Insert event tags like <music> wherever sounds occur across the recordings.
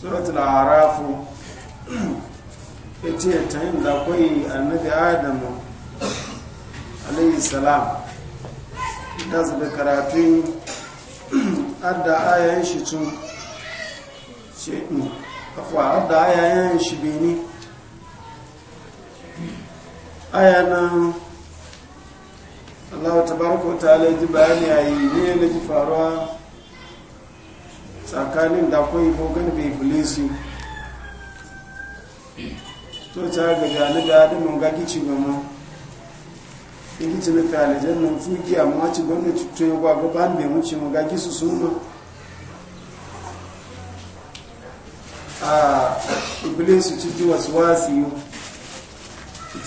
suratul arafu <clears throat> ya ce ta yin da kwai annabi adamu alayhi salam da su da karatu <clears throat> adda ayayen shi tun ce afuwa adda ayayen shi Aya ayanan Allah ta barko ta alaji bayani a yi ne na ji faruwa tsakanin da akwai kogar bai iblisu to ta ga gani da adamun ga gici gama in gici na kalajen nan tsuki a mawaci gwamnati cuto ya gwa gaba da bai wuce mu ga gisu sun ma a iblisu ci ji wasu wasu yi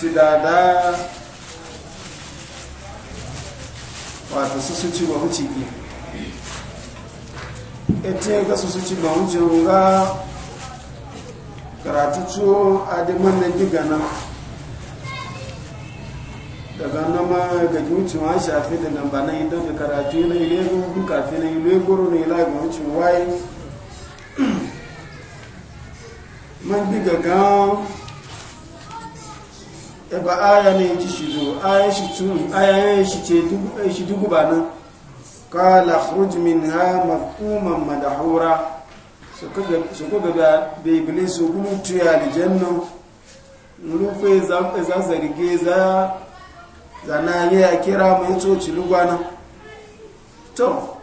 ci da da wata su su ci wa wuce biyu ete ga su suci ba wucin ga karatu ciwo a diman na giga nan daga nama ga wucin wa shafi da nan ba na yi don da karatu na ile gugu fi na ile goro na yi ga wucin waye man giga gan eba aya ne ci shi zo aya shi tun aya ya shi ce shi dugu ba nan kala khruj minha mafkuman madahura su ga da iblis gutu ya aljanna mulufe za zarge za zana ya kira mai coci lugwana to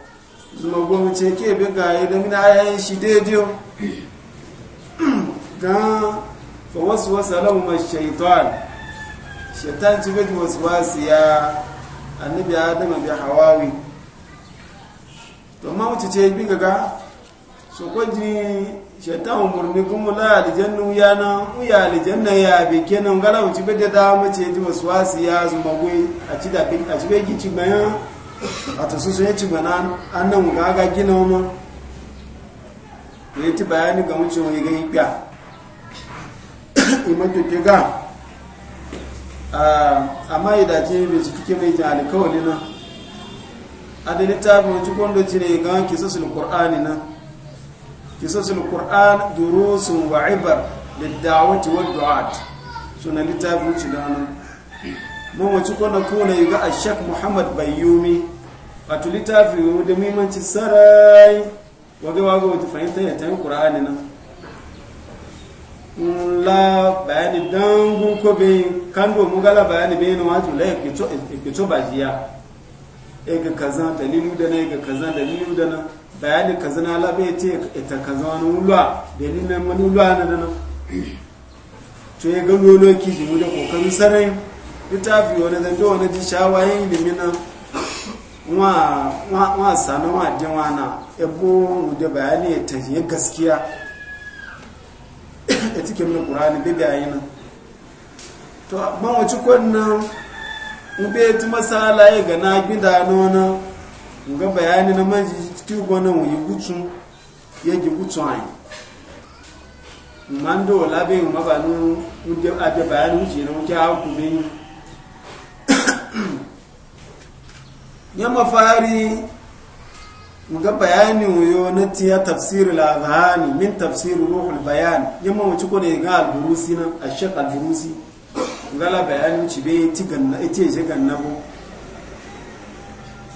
zuma gwamnati ke biga ya yi domin ayayin shi daidai <clears throat> gan fa wasu wasu alamun shaitan shaitan ci bai wasu wasu ya annabi adama bi hawawi to ma wuce ce bi gaga so ko ji shaitan umurni kuma la aljanna ya na uya ya ya bi kenan gara wuce be da da mace ji wasu ya zuma goyi a ci da bin a ci bai gici bayan a ta su sai ci bana annan ga ga gina mu ya ci bayani ga wuce wani ga ikya to ke ga amma idaje bai ci fike mai jani kawai na ada littafin wacce kwando ci ne ga kisasul qur'ani na kur'an qur'an durusun wa ibar lidda'awati wa du'at suna littafin wacce da nan mun wacce kwando kuna yi ga ashak muhammad bayyumi wato littafin da muhimmanci sarai wage wage wata fahimta ya tayin qur'ani na la bayani dangu ko be kando mugala bayani be no wato la ikito ikito bajiya ga kaza dalilu da na ga kaza dalilu da nan bayani kaza na labe ya ce ita kaza wani wulwa dalilin wani wulwa na da nan to ya ga lolo ki jimu da kokarin sarai littafi wani zando wani ji shawayen ilimi nan wa sanu wa dinwa na ebo da bayani ya tafiye gaskiya ya cikin na ƙurani bibiyayi nan to ban wacce kwanan ube tu masala ya ga na gida nona ga bayani na manji ti gona mu yigutu ya gigutu ai mando labe mu ba nu mu de abe bayani mu ji na mu ka ku bin <clears throat> ya mafari mu ga bayani yo na tiya tafsir al-azhani min tafsir ruhul bayan yamma mu ci ko ne ga al-burusi na ash-shaykh al-burusi gala bayanin ci be ti ganna ite je ganna mu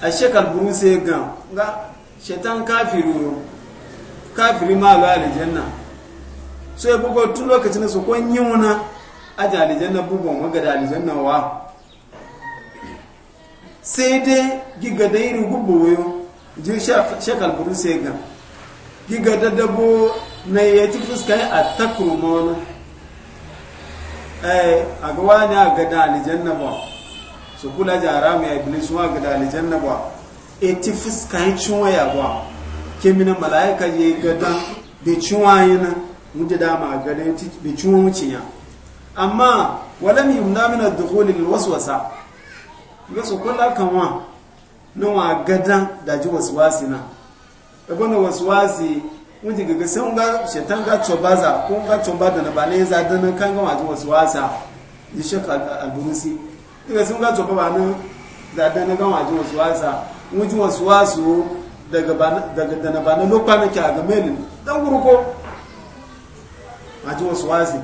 a shekar buru sai ga ga shetan kafiru kafiri ma ga alijanna so ya e bugo tun lokacin su wuna a ji alijanna bugon waga da alijanna wa sai dai giga da irin gubo wayo ji shekar buru sai ga giga da dabo na ci fuska a takrumona eh a ga wani a gada alijanna ba su kula jara mai iblis wa gada alijanna ba e ti fuska yi cinwa ya ba ke mina mala'ika ya yi gada bai cinwa yana muda dama a gada bai cinwa wuce ya amma walam yumna min ad-dukhul lil waswasa yaso kula wa nawa gadan daji waswasi na ebono waswasi wani gaga sai unga shetan ga za ko ga coba da na ba ne za da na kan ga wajen wasu wasa shek al alburusi daga sun ga coba ba ne za da na ga wajen wasu wasa wunji wasu wasu daga da na ba na lokpa na kya ga melin don guruko wajen wasu wasi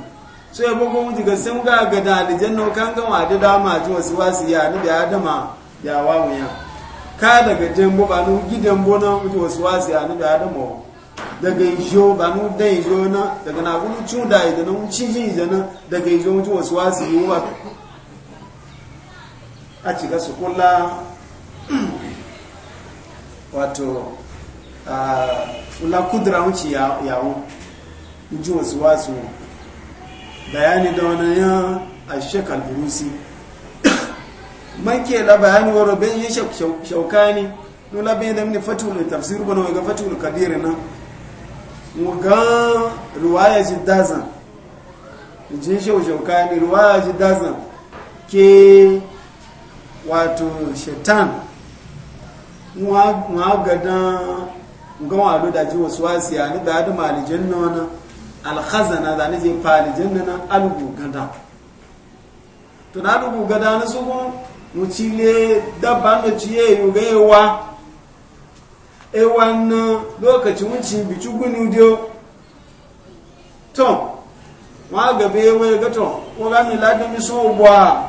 so ya bugu wani ga sai unga ga da alijanna kan ga wajen dama wajen wasu wasi ya ni da adama ya wawuya ka daga jambo ba ni gidan bonan wajen wasu wasi ya ni da adama daga ijo ba mu da ijo na daga na gudu cin da ijo na cin jin ijo na daga ijo mutu wasu wasu yi wa a cika su kula <clears throat> wato ula kudura wuce yawon ji wasu wasu bayani da wani yan a shekal burusi <coughs> man ke la bayani wa robin yin shaukani nula bayan da mini fatul tafsir na wa ga fatul kadir na mugan ruwaya ji dazan jin shaushauka ne ruwaya ji dazan ke wato shaitan wa gadan gawa lo da ji wasu wasu ya ni da adu malijan na wani alhazana da ni je falijan na alugu gada to na alugu gada na su kun mu cile dabba da ciye yi gaiwa e wannan lokacin wuce bici gunu dio tom ma gabe wai ga tom ko ga mi ladi mi so bwa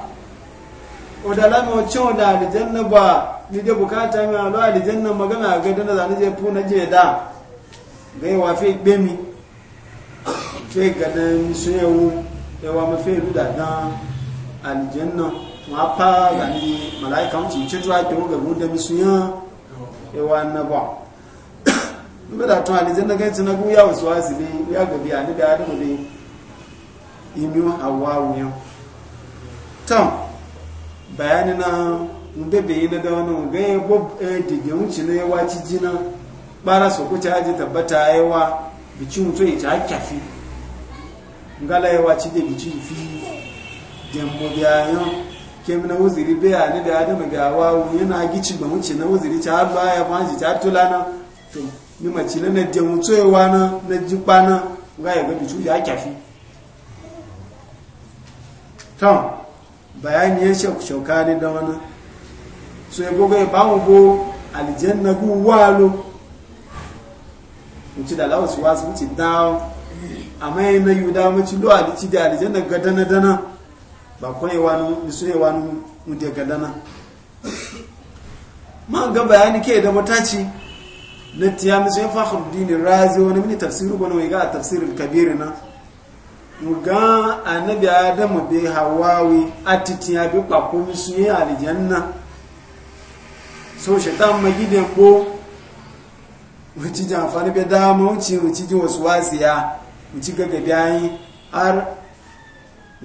o da lami o cin da aljanna ba ni da bukata mi alo na magana ga dana zani je fu na je da ga wa fi gbe mi fe ga da mi so yawo ya wa ma fe ruda da aljanna ma pa ga ni malaika mu tuwa ke mu ga da mi yawo ewa na ba mbe da tun alijan na gaitu na guya wasu wasu ne ya gabi a ni da ya daga ne imiyu hawa wuyan tom bayani na mbe bayi na da wani ganye bob dige wuce na yawa ci jina bara su kuce aji tabbata yawa bici mutu ya ci hakkafi ngala yawa ci da bici fi dembo kem na wuziri beya ni da adamu ga wawu yana gici ba wuce na wuziri ta baya ba ji ta tulana to ni mace na na jamu tsoyewa na na jikpa na ga ya gabi tuja kyafi to bayani ya shauka ne da wani so ya gogo ya ba mu bo aljanna gu walo mutu da lawasu wasu mutu dawo amma yana yuda mutu lo alici da aljanna ga dana dana ba kwaye wani misure wani mutu ga dana ga bayani ke da mataci na tiya fahimtar dini razi wani mini tafsiru bana wai ga tafsirin kabiru na muga annabi adamu be hawawi ya bi kwako yi aljanna so shaitan magide ko wuci jamfani bai dama wuci wuci ji wasu wasiya wuci gaga yi har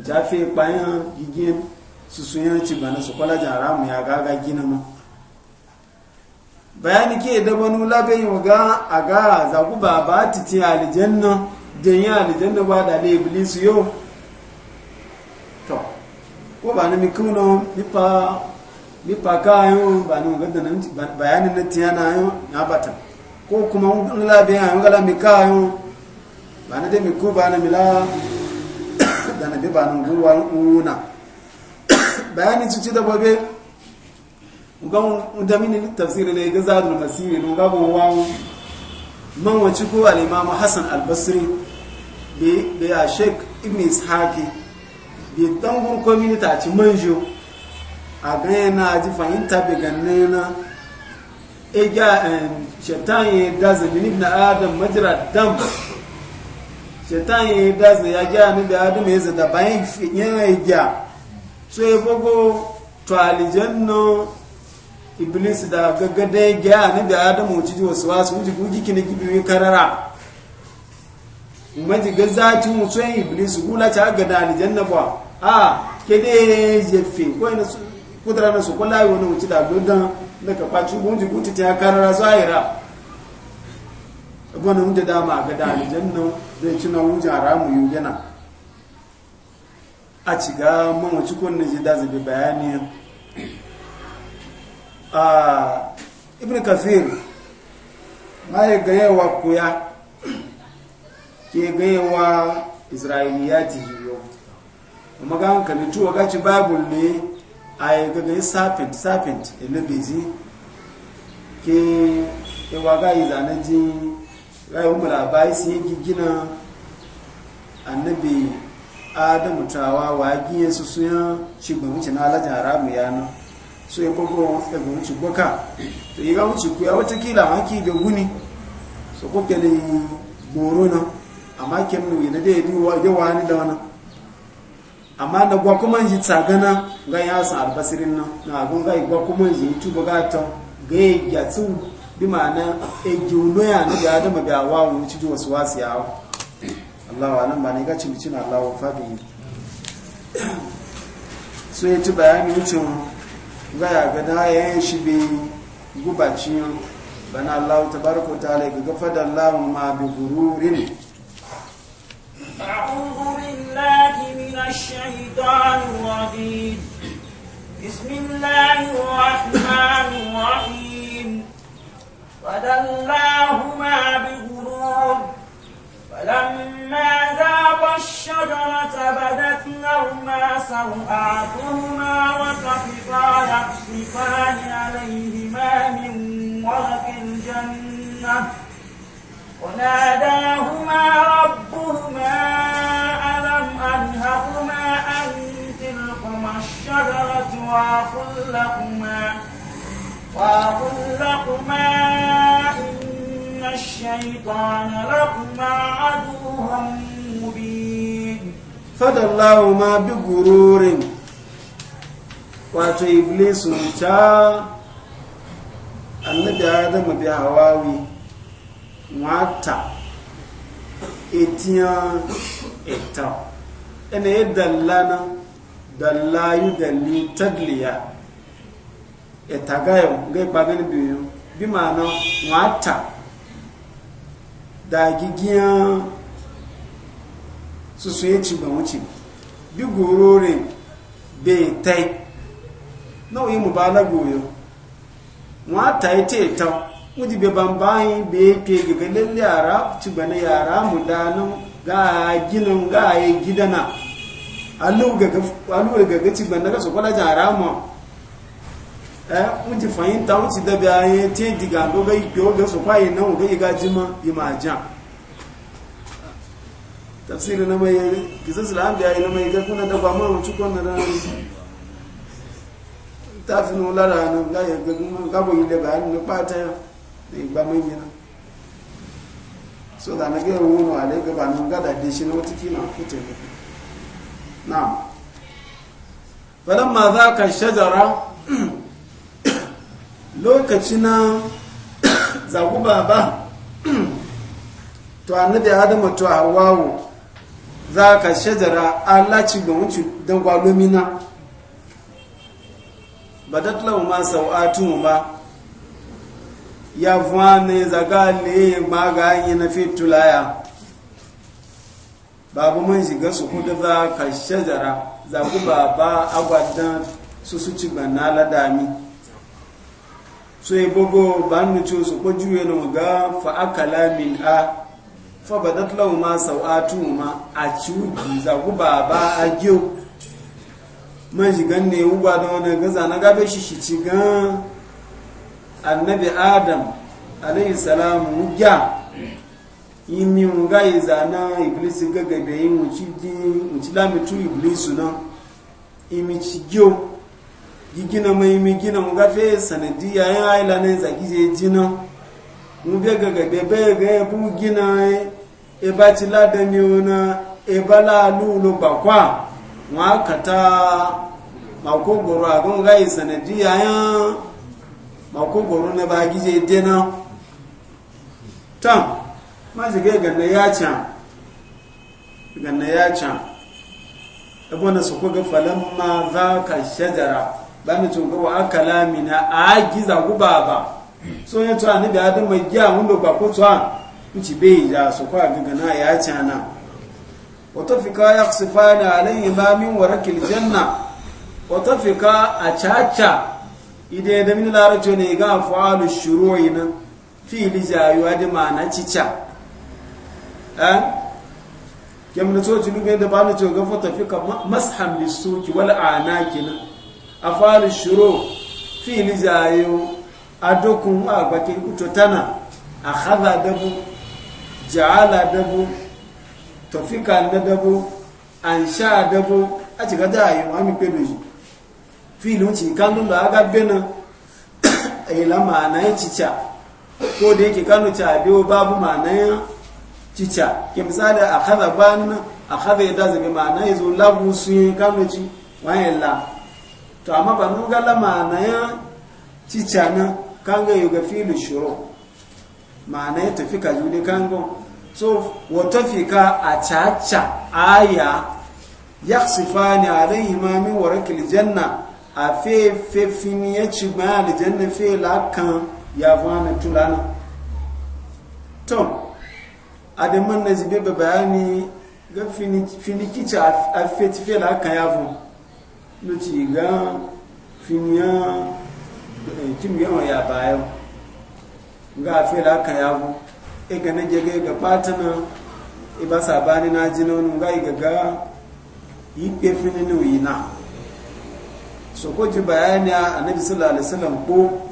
ja fe bayan gigiyan su suyan ci bana su kwala jaramu ya gaga gina ma bayani ke da wani labayin waga a ga zagu ba ba titi alijanna don yi alijanna ba da na iblisu yau to ko ba na mikuna nipa nipa kayan ba na wagar da bayanin na tiyana yau na bata ko kuma labayin yau gala mikayon ba na da miku ba na mila da na biba nan ruwa una bayanin cici da babe gan udamini tafsiri ne ga zadul masiri no ga bon wawo man wace ko al imam hasan al basri bi bi a sheik ibn ishaqi bi dan gur community a ci manjo a ga ji fahimta bi ganne na e ga eh, shaitan ya dazalin ibn adam majra dam shetan yi dazu ya gya ni da adu mai zata bayan yin gya so ya fago to alijanno iblis da gaggada ya gya ni da adu mu ciji wasu wasu wuji guji kini gibi karara maji ga zaci mu so iblis gula ta ga da alijanna ba a kede fi ko ina kudura na su kullahi wani wuci da gudan da ka faci guji guji ta karara zahira wani wunde dama ga dalijan nan zai ci na wunje haramu yi gana a ci ga mamaci kwanne zai da zabi bayani a ibn kafir ma ya gayewa kuya ke gayewa isra'iliya ti yiwu amma ga hankali tuwa gaci babul ne a yi yi serpent serpent elebezi ke ewa ga yi zanajin rayuwar mu labai sun yi gina annabi adamu tawa wa giyan su suya ci gbamci na alajin haramu na, so ya gbogbo wata gbamci gwaka to yi gwamnati kuya watakila maki da wuni so ko yi goro na amma yi na da yawa ni da wani amma na gwa kuma ji tsagana ga albasirin nan na agun ga gwa kuma ji tuba gata ga yi gyatsu bi ma'ana egi eh, uloya ni ga adama ga wawo ni ci wasu wasu yawo allawa nan ba ne ga ci mutum allawa wa fabi so ci bayani mutum ga ya ga shi bi gubaci bana ta tabaraka ta ta'ala ga da allawa ma bi gururi ne بسم الله الرحمن الرحيم فدلاهما بغرور فلما ذاق الشجرة بدت لهما سوآتهما وطفقا يخصفان عليهما من ورق الجنة وناداهما ربهما ألم أنهكما أن تلكما الشجرة وأقل لكما وقل لكما إن الشيطان لكما عدو مبين فدلاهما بغرور wato iblis ta annabi adamu bi hawawi nwata etiyan eta ene dallana dallayu dalli tagliya E tagayo etagayo ngaipagani biyo bimana wata da gigiya susu ya ci ba wuce bi gorore bai tai nau'in mu ba na goyo wata ya ce ta wuji bai bambayi bai ke gagalin yara ci ba na yara mu danin ga ginin ga ya gidana alu gaga ci ba na rasa kwalajen haramun Eh, wọ́n ti fàyín ta wọ́n ti dẹ̀bẹ̀ ayé tí ń dìgà ló bẹ́ na ó gẹ́sùn páyé tafsiri na mai yari kisisi da hannu na mai gẹ́gẹ́ kuna daba mara wuce na da hannu ta fi lara hannu gaya yi daga hannu na da igba mai so da na gaya wuri wa da shi na wata kila lokaci na ba ba to annabi adamu to hawawu za ka shajara Allah ci ga wuce don gwalomina ba da ma sau'atu ba ya fuwa ne zaga le ma ga yi na fitulaya babu man shiga su kudu za ka shajara ba baba agwadan su su ci ga na ladami so ya gogo ba hannu ce su ko juye na ga fa fa'akala min a fa ba datla ma sau'atu ma a ci wuki za ku ba ba a gyau man shigan ne uba da wani gaza na gabe shi shi ci gan annabi adam alayhi salamu ya yi mi ga yi zana iblis gagabe yi mu ci lamitu iblis na imi ci gyau gina mai mi gina mu gafe sanadiya yin aila ne zagi gije jina mu be ga ga be be ga e bu gina e ba ti la da mi ona e ba la lu lu ba kwa mu kata ma ko goro a gon ga yi e sanadiya yin ma ko goro ne ba gije dena tam ma ji ga e ga ya cha ga na ya cha abona su ko ga falamma za ka shajara bani tun ga wa kalami na a giza guba ba so ya tuwa ni da adam mai giya mun ba ko tuwa in ci bai ya su kwa ga na ya ci ana wa tafika yakhsifana alayhi ma min na janna wa ka a caca ide da mini larajo ne ga fa'alu shuru'i na fi zayu a ma na cica ɗan kemgbe to ci lube da bani to ga ka tafika mashan lisuki wal ana na afali shuru fiili zayo adokun agbake utotana akhadha dabu ja'ala dabu tofika dabu ansha dabu ati kada ayo ami pedoji fiili unchi kanu la aga bena ila maana ya cica ko de yake kanu ta biyo babu maana ya cica ke misali akhadha ban akhadha yadazi bi maana yazo lagu su kanu ci wa la to amma ba nu ga na ya cicana kanga yuga filu shuru na ya tafi ka juli kango so wa ka a caca aya ya sifani alaihi ma min warakil janna a fe fe fini ya ci ma janna fe la kan ya vana tulana to adaman na zibe bayani ga fini fini a fe fe la kan ya na ci ga finya kim eh, yawa ya bayan ga fela ka yago e ga na jege ga patana e ba sabani na ji nan ga ga ga yi pe fini ne yi na so ko ji bayani a annabi sallallahu alaihi wasallam ko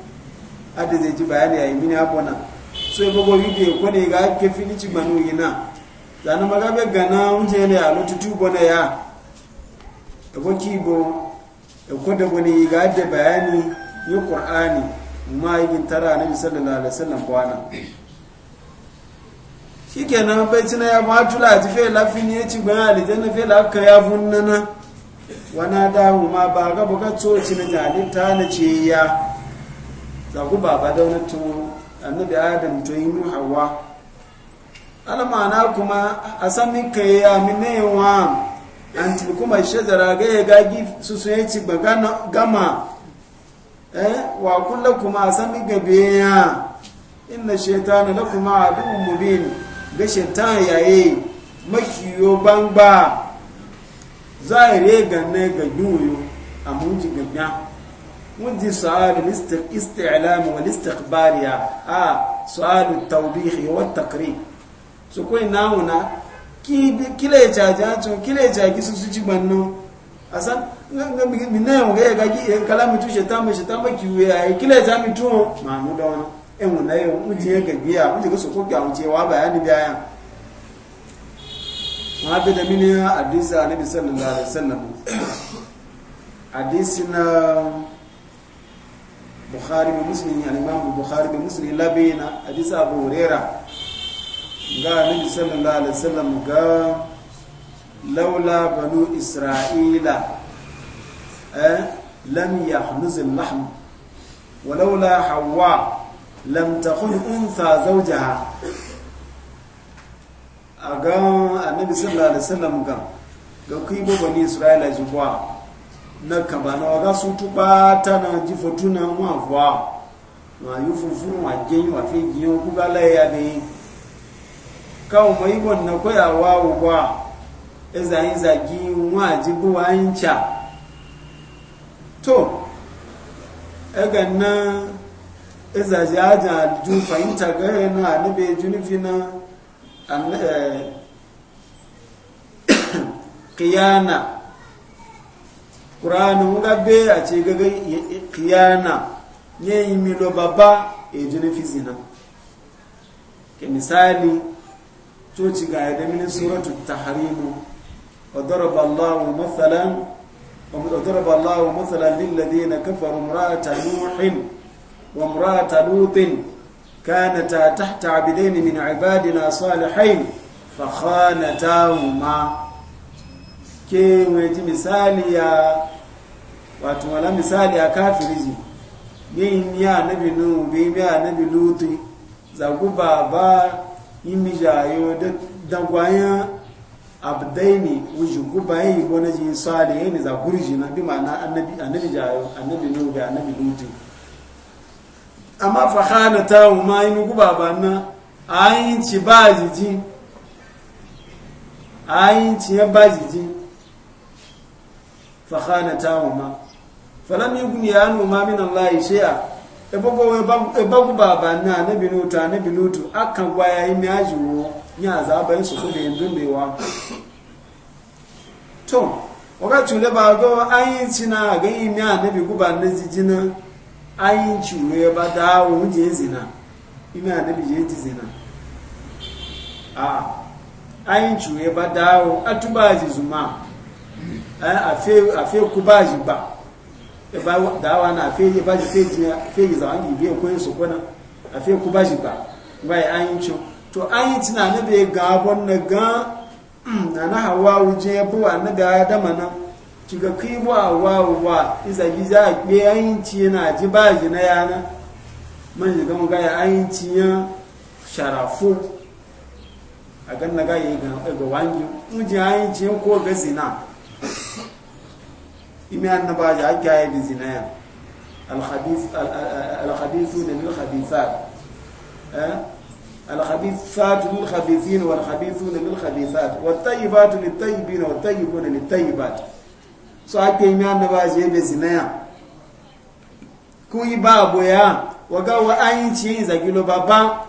ade zai ji bayani a yi mini abona so e gogo yi ko ne ga ke fini ci manu yi na zanen magabe gana unje ne a lotutu bona ya ebo da ko da wani ga da bayani yi qur'ani ma yin tara na sallallahu alaihi wasallam bwana shikenan bai tuna ya ma tula ji fe lafin ya ci bayan aljanna fe lafka ya funnana wana damu ma ba ga buka tsoci na ta na ce ya za ba ba da wani tun annabi adam to yi nuha alamana kuma a san min kai ya wa anti kuma shajara ga ya gagi su su yanci ba gama eh wa kullakum asami gabiya inna shaytana lakum aduwwun mubin ga shaytan yaye makiyo bangba zaire ga ne ga yuyo amunji gabya munji su'al al-isti'lam wal a su'al at-tawbih wa at su ko ina kile ya caji kile kila kisusu caji su su ci bannan a san minna yau gaya ga kala mutu shetan mai shetan mai kiwo ya yi kila ma mu da wani yan wanda yau mutu ya gabi ya mutu ga su ko ga wuce wa bayani da yan ma bi da mini hadisi annabi sallallahu alaihi wasallam hadisi na bukhari da muslim al-imam bukhari da muslim labina hadisi abu hurairah ga nabi sallallahu alaihi wasallam ga laula banu isra'ila eh lam yahnuz al-lahm wa laula hawa lam انثى زوجها zawjaha aga annabi sallallahu alaihi wasallam ga ga kuibo bani israila jibwa na kabana waga su tubata na jifotuna mwavwa wa yufufu wa jenyi wa fejiyo kugala ya bei kawo mai wanda koyawa wa ezayin zagi wajibu wayinca to egan na ezaji aja ju fahimta ga yana alibe junifi na kiyana ƙuranin gabe a ce gaga kiyana yayin milo babba e junifi zina ke misali coci ga yadda mini suratu taharimu وضرب الله مثلا وضرب murata مثلا للذين ta امرأة نوح ni لوط كانتا na عبدين من عبادنا ta huma ke misali ya wato wala misali ya kafiriji bin ya nabi nu ya nabi lutu za ku baba imijayo da gwaya abdaini wuji gubayi na jin sale ne za gurji na bi ma'ana annabi jayo annabi bi annabi lutu amma fa hana ta ma yi guba ba na ayin ci ba jiji ayin ci ya ba jiji fa hana ta ma falam yugun ya anu ma min Allah shay'a ebogo ebagu baba na anabi nutu anabi nutu akan gwaya ime aji wo ya azaba yin su kuma yanzu mewa to wakati ule ba go ayin cina ga ime anabi guba na jijina ayin ciwe ba da wo je zina ime anabi je ti zina a ayin ciwe ba da wo atuba ji zuma a fe a fe kuba ji ba dawa e na feji ba ji feji feji za wangi biye koyin su kona a fe ku ba shi ba bai an yi cin to an yi na bai gabon na ga mm, na na hawa wuje ya buwa na ga adama na kiga kai wa wa wa iza gi za be an yi ci yana ji ba na yana man ji ga mu ga an yi ci ya sharafu a gan na ga yi ga e wangi mun ji an yi ko ga zina imi annaba ja ake yayi da zinaya alhadisu da lil hadisat الخبيثات للخبيثين والخبيثون للخبيثات والطيبات للطيبين so ake yi ba zinaya kun ba waga wa an yi ci zagilo ba ba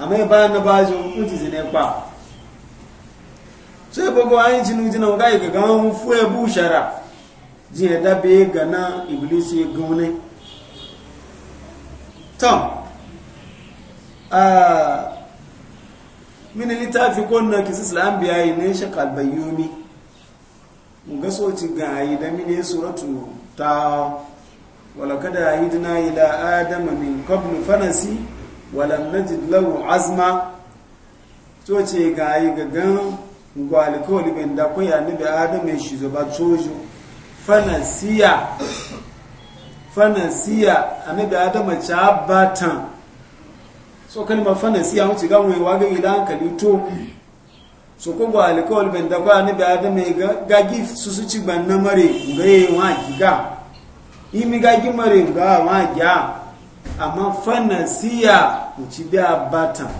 amma ba na ba je so ya bago ayin jinu jina ga ga ga mu fu e bu shara ji da be ga na iblis ya gune tom ah min litafi konna kisis al-anbiya ne shaqal bayyumi mu ga so ci ga yi da mine suratu ta wala kada yidna ila adama min qablu fanasi wala najid lahu azma Coci ce ga yi ga gan ngo alikoli benda ko ya nibe adam shizo batsojo fanasiya fanasiya anabi adam cha batan so ma fanasiya mu ciga mu wa ga ilan kalito so ko ngo alikoli benda ko anabi adam ga gagi susu ci banna mare ngo ye wa giga imi gi mare ga wa ja amma fanasiya mu ci da batan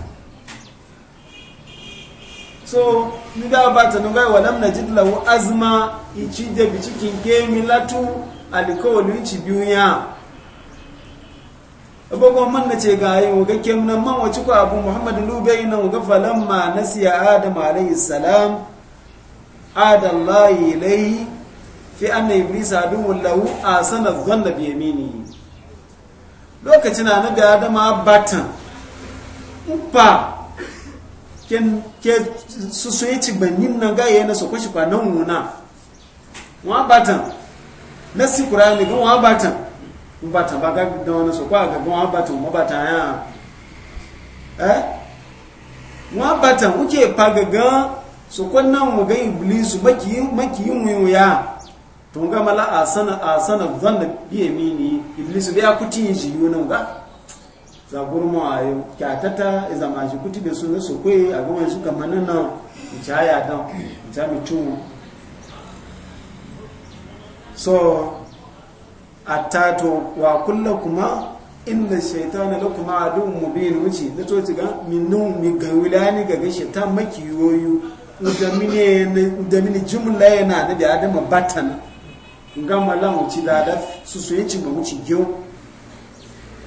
so ni da ba ta na walam najid azma ichi da bi cikin gemi latu alkawalin ci biyu ya man na ce ga yi ga kemnan man wace ku abu muhammadu lubai na ga falamma na siya adam alayhi salam adallahi ilai fi anna iblisa aduwwun lahu a sanar bi yamini lokacin na da adama batan upa ke susu ya ci banin nan ga yana so kwashi kwa nan nuna wa batan na si qur'ani ga wa batan batan ba ga da wani so kwa ga wa batan ma batan ya eh wa batan uke fa ga ga so kon nan mu ga iblisu maki maki mu ya to ga mala asana asana zanna bi yamini iblis bi akutiji yunan ga zagurmo a yi kyatata iza mashi kuti da suna su kwaye a gama su kama nan nan ya dan ita mutum so a tato wa kulla kuma inda shaitana da kuma adu mubin wuce da to ga minnu mi ga wulani ga shaitan makiyoyu da mine da mine jumla yana da adam batan gama la mu ci da da su su yi ci ba mu gyo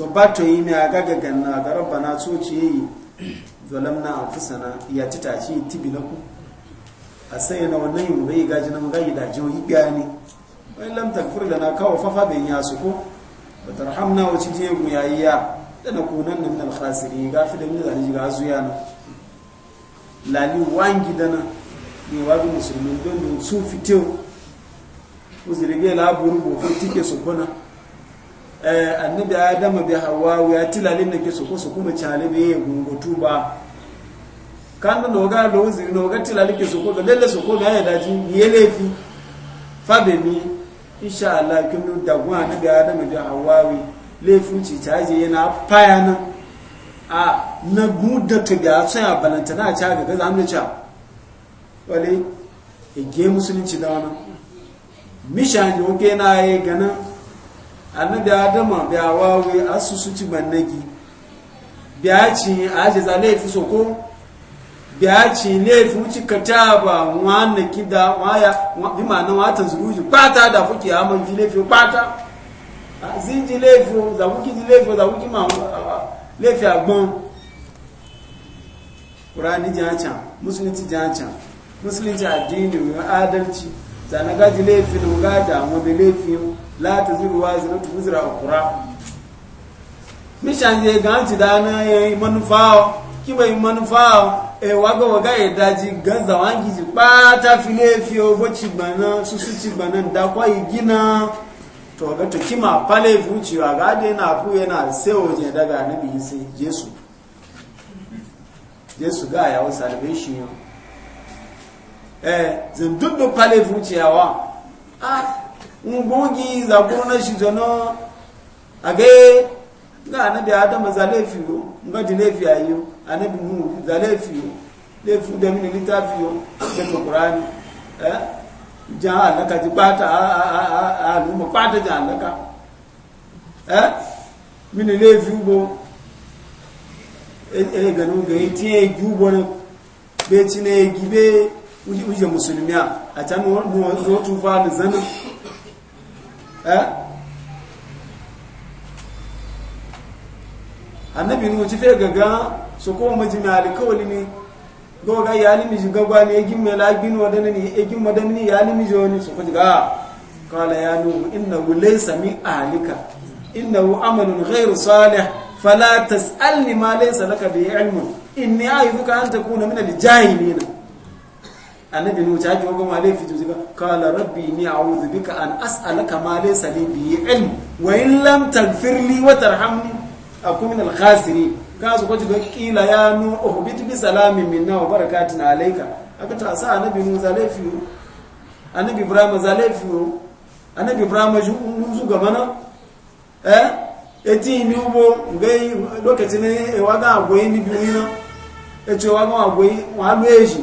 to ba to yi mai gaga ganna ga na so ce yi zalamna fusana ya ci tashi tibi na ku a sai na wannan yi bai gaji na magayi da jin yi ne wani lam da na kawo fafa bin ya su ko ba tarhamna wa ci je mu yayi ya da na kunan nan da alhasiri ga fi da mu da ji ga zuya na lali wangi dana ne wa bi musulmin don su fitew uzirige la buru bo fitike su kona Eh, annabi adam bi hawa ya tilalin da ke soko soko mu chale be gungutu ba kan da noga da uzuri noga tilalin ke soko da lalle soko da ya daji yele fi fa be mi insha Allah kin do da gwa annabi adam bi hawa laifin ci taje yana fayana a na gudda ta ga sai a balanta na ca ga gaza amma cha wale e ge musulunci da wannan mishan yoke na yi ganin annabi adama bi awawe asusu ci bannagi bi a ci a ce za laifi soko bi a ci laifi wuci ba wani kida waya bi ma'ana watan zuruji kwata da fuki a man ji laifi kwata zin ji laifi za wuki ji laifi za wuki ma laifi agbon ƙurani jancan musulunci jancan musulunci addini adalci zanaga ji na gada damu da laifi. la ta zuru wa zuru ta ukura mishan je ganci da na yayi manufawo ki bai manufawo e waga waga ya daji ganza wangi ji bata file fiyo bo ci gbana su su ci gbana gina to ga to kima pale fuciwa ga da yana ku yana sewo je daga nabi sai jesu yesu ga ya wa salvation yo eh zan dudu pale fuciwa ah ngungi za gona shi zono age ga anabi adam za lefi yo nga di lefi ayo anabi mu za lefi yo lefi da mini litafi yo da qur'ani eh ja alaka ti pata a a a mo pata ja alaka eh mini lefi bo e e ga no ga e, ti e ju bo ne be ti ne gibe uje musulmiya a can wo tu fa da zanin Eh? annabi nuhu ci fe gaga su kuma majimi alkawali ne ya limi shi gagwa ne egin mai lagin wadana ne ya gimme madani ne limi shi wani su kuma ga kala ah, ya nuhu innahu laysa min ahlika innahu amalun ghairu salih fala tas'alni ma laysa laka bi ilmun inni a'idhuka an takuna min al-jahilin annabi nuhu ta kiwo goma laifi to zika kala rabbi ni a'udhu bika an as'alaka ma laysa li bihi ilm wa in lam taghfir li wa tarhamni akun min al-khasirin kazu ko jiga kila ya nu uhbit bi salamin minna wa barakatun alayka aka ta sa annabi nuhu za laifi annabi ibrahim za laifi annabi ibrahim ju munzu gaba na eh eti ni ubo ngai lokacin ne e waga agoyi ni biyu na e ce waga agoyi wa lo eji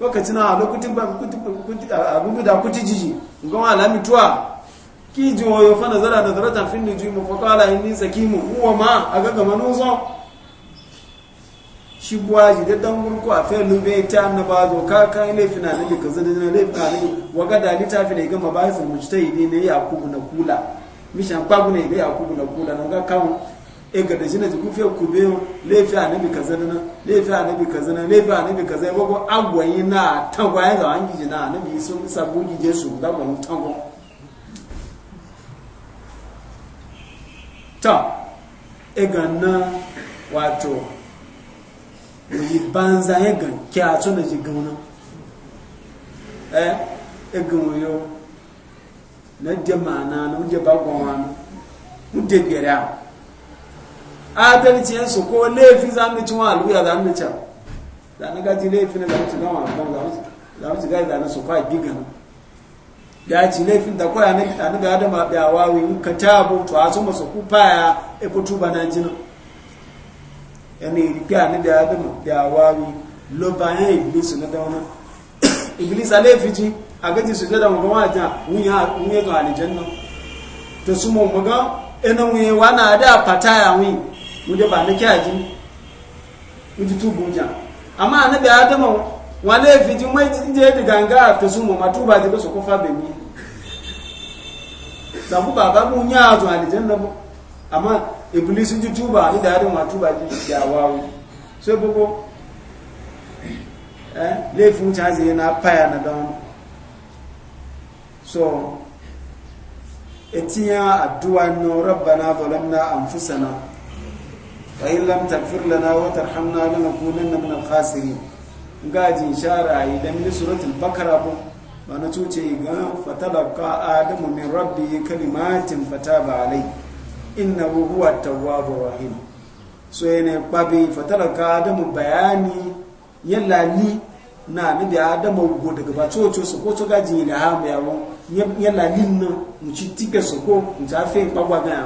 lokacin a lokacin ba gudu da kuti jiji gama alami tuwa ki ji wayo fa nazara da zaratan fin da juyi mafi kala in nisa mu uwa ma a gama nuzo shi buwa ji da dan gurku a fiye lube ta ba zo ka kan laifin na nabi ka zada na laifin na ne waga da littafi ne gama ba su yi ne na yakubu na kula mishan kwagu ne ga yakubu na kula na ga kawun e ga dashi na jikin fiye kube laifi a nabi kaza na laifi a nabi kaza na laifi a nabi kaza ya gwagwa agwayi na tagwa ya zawa gije na nabi sun sabu gije su da mu tagwa ta e ga na wato yi banza ya ga kya tun da jikin na eh e ga yo na je mana na je bagwa wani mu de ya. adalci yan su ko laifi za mu wa alwiya za mu da na gaji laifi na za mu ci gama na za da na su kwa giga da laifin da na ni ga da ma da wawi in ka tabo to a so masu ku paya e ko tuba na jina yani ga ni da da ma da wawi lo ba iblis na da <coughs> iblis su da mu ga e wa ta ga to su ga na da muje ba na kyaji muje tubu ja amma annabi adama wale fiji mai je da ganga ta su mu matuba ji ba su kofa be mi da ku baba mu nya zo aljanna bu amma iblis ji tuba ni da yarin matuba ji ya wawo sai bugo eh lefin ta zai na paya na don so etiya addu'a no rabbana zalamna anfusana وإن لم تغفر لنا وترحمنا لنكونن من الخاسرين gaji shara idan ni suratul bakara bu ba na cuce ga fatalaka adamu min rabbi kalimatin fataba alai innahu huwa tawwabur rahim so yana babi fatalaka adamu bayani yalla ni na ni da adamu go daga ba coco su ko gaji yalla ni no mu ci tike su ko mu ta fe gbagwa ga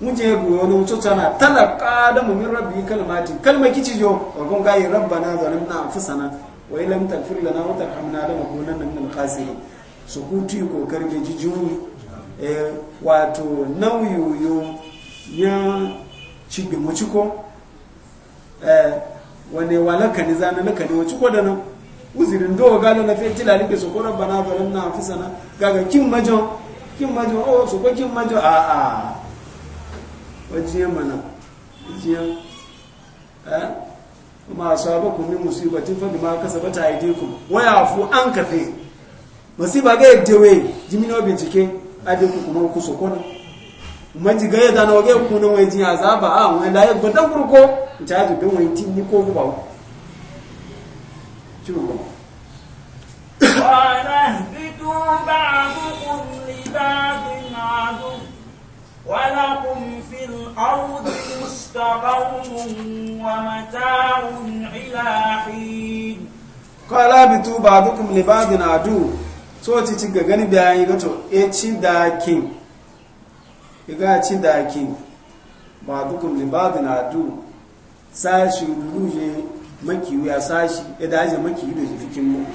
muje goyo no tutana talaka da mumin rabbi kalmati kalma kici jo wagon gayi rabbana zalimna anfusana wa illam taghfir lana wa tarhamna la nakunanna minal khasirin su kuti kokarin da jijuni eh wato nauyoyo ya mu ciko. eh wane walaka ni zana naka ne wuciko da nan uzirin do galo na fe tilali ke su ko rabbana zalimna anfusana gaga kin majo kin majo o oh, su ko kin majo a a wajiyan mana wajiyan ha eh? kuma asabakum min musibatin fa bima kasabat aydikum wa yafu an kafe musiba ga yaddewe jimino bincike ade ku kuma ku sokona manji ga yadda na wage ku na wai jiya azaba a wani laye gudan kurko ta ji don wai tin ni ko ku ba ciwo قال ba بعضكم لبعض عدو ولكم في الأرض مستقر ومتاع إلى حين قال بتو بعضكم لبعض عدو so ti ci gagani ci da kin ga ci da kin ba dukkan libadu na sashi ruje makiyu ya ya daje makiyu da jifikin mu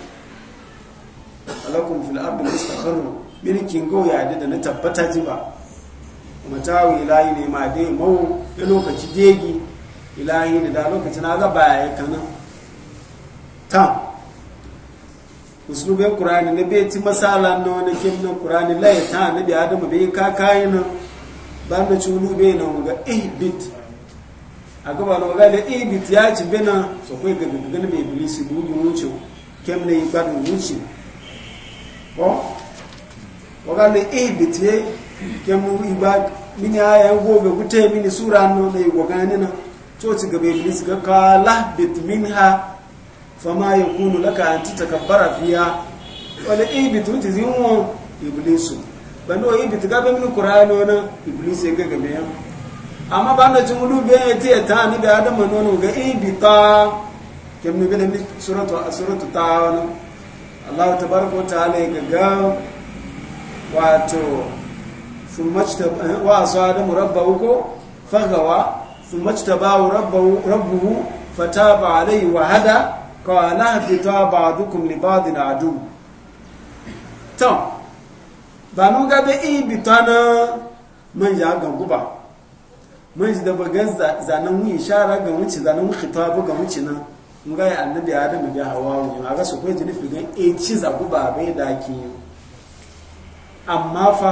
alakum fil ardi mustaqarru birkin go ya da na tabbata ji ba matawu ilayi ne ma dai mawu ya lokaci degi ilayi ne da lokacin aga baya ya kana tam uslubin qur'ani na bai ti masala na wani kin no qur'ani la ta ne bi adama bai ka kai no ban da chulu bai no ga ibit a ba na ga le ibit ya ci bena so kai ga ga ne bai bilisi dudu mucho kem ne ibadu mucho ko ko ga le ibit ye kem mu ibadu mini aya gobe gute mini sura no ne gogani na to ci gaba iblis ga kala bit minha fama yakunu laka an tatakabbara fiya wala ibit unti zinwo iblis bando ibit ga be mini qur'ani na iblis ga gabe ya amma bando ci mulu be ti ta ni da adam no no ga ibita kemne be ni suratu suratu ta Allah tabaraka wa ta'ala ga ga wato ثم وعصى آدم ربه فغوى ثم اجتباه ربه, ربه فتاب عليه وهدى قال اهبطا بعضكم لبعض عدو تو banu ga da in bitana man ya gangu ba man da bagan zanen mu shara ga wuce zanen mu khitabu ga wuce nan mun ga annabi Adamu da hawa mu a ga su jini ba bai amma fa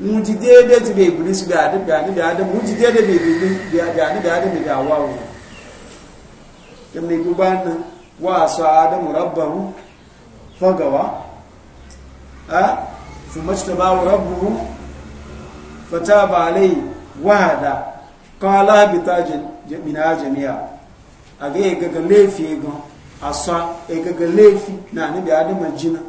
muji daidai ji bai iblis bai adam bai ani bai adam muji daidai bai iblis bai ani bai adam bai awawu da mai gubanin wa a su adam rabbahu fagawa a su fa ta ba rabbuhu fata ba alai wahada kala bita mina jami'a a ga e gaga laifi e ga a sa e gaga laifi na ni bai adam jina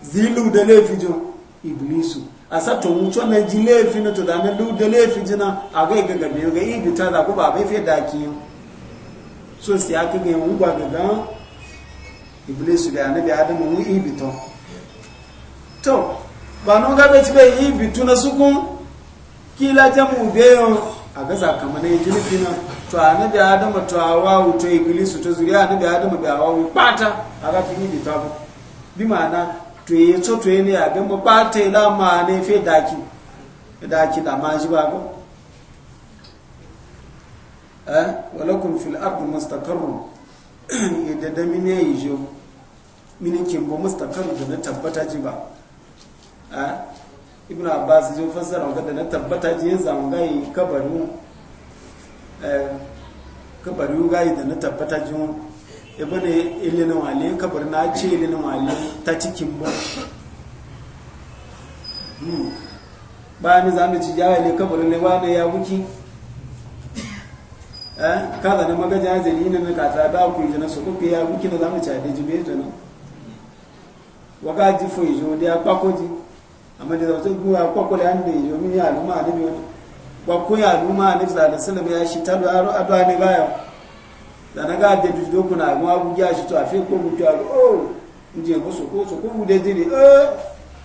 zilu da laifi jin iblisu asa to mucho na ji lefi na to da na lu da lefi jina a ga ga ga biyo ga ibi ta da ku ba bai fi da ki so si aka ga mu ba ga ga iblis da annabi adam mu bi to to ba no ga bai bai ibi to na suku ki la ta mu beyo a ga sakamanai jirfi na to annabi adam to awawu to iblis to zuriya a adam bi a wu pata a ga fi yi bi ta bi ma'ana tuye to tuye ne abin mu ba ta ila ma ne fi daki e daki da ma ji ba ko eh walakum fil ardi mustaqarrun <clears throat> yadda da mine yi jo mine kin bo mustaqarrun da na tabbata ji ba eh ibn abbas jo fassara ga da na tabbata ji yin zamu gai kabarin eh kabaru gai da na tabbata ji ibn ilin wali kabar na ce ilin wali ta cikin ba hmm. ba ni zamu ci jawa ne kabar ne ba ne ya buki eh kaza ne magaja jazeli ne ka kaza da ku jina su ku ya buki na zamu ci da jibe to na waka ji fo ijo de apako ji amma da zautu ku apako da ande ijo mi ya luma ne bi wani wa ku ya luma ne da sallallahu ya shi ta da a adwa ne bayan zanaga na tu do kuna gwa buja shi to afi ko mutu alo oh, nje ko so ko so ko mu de dini eh,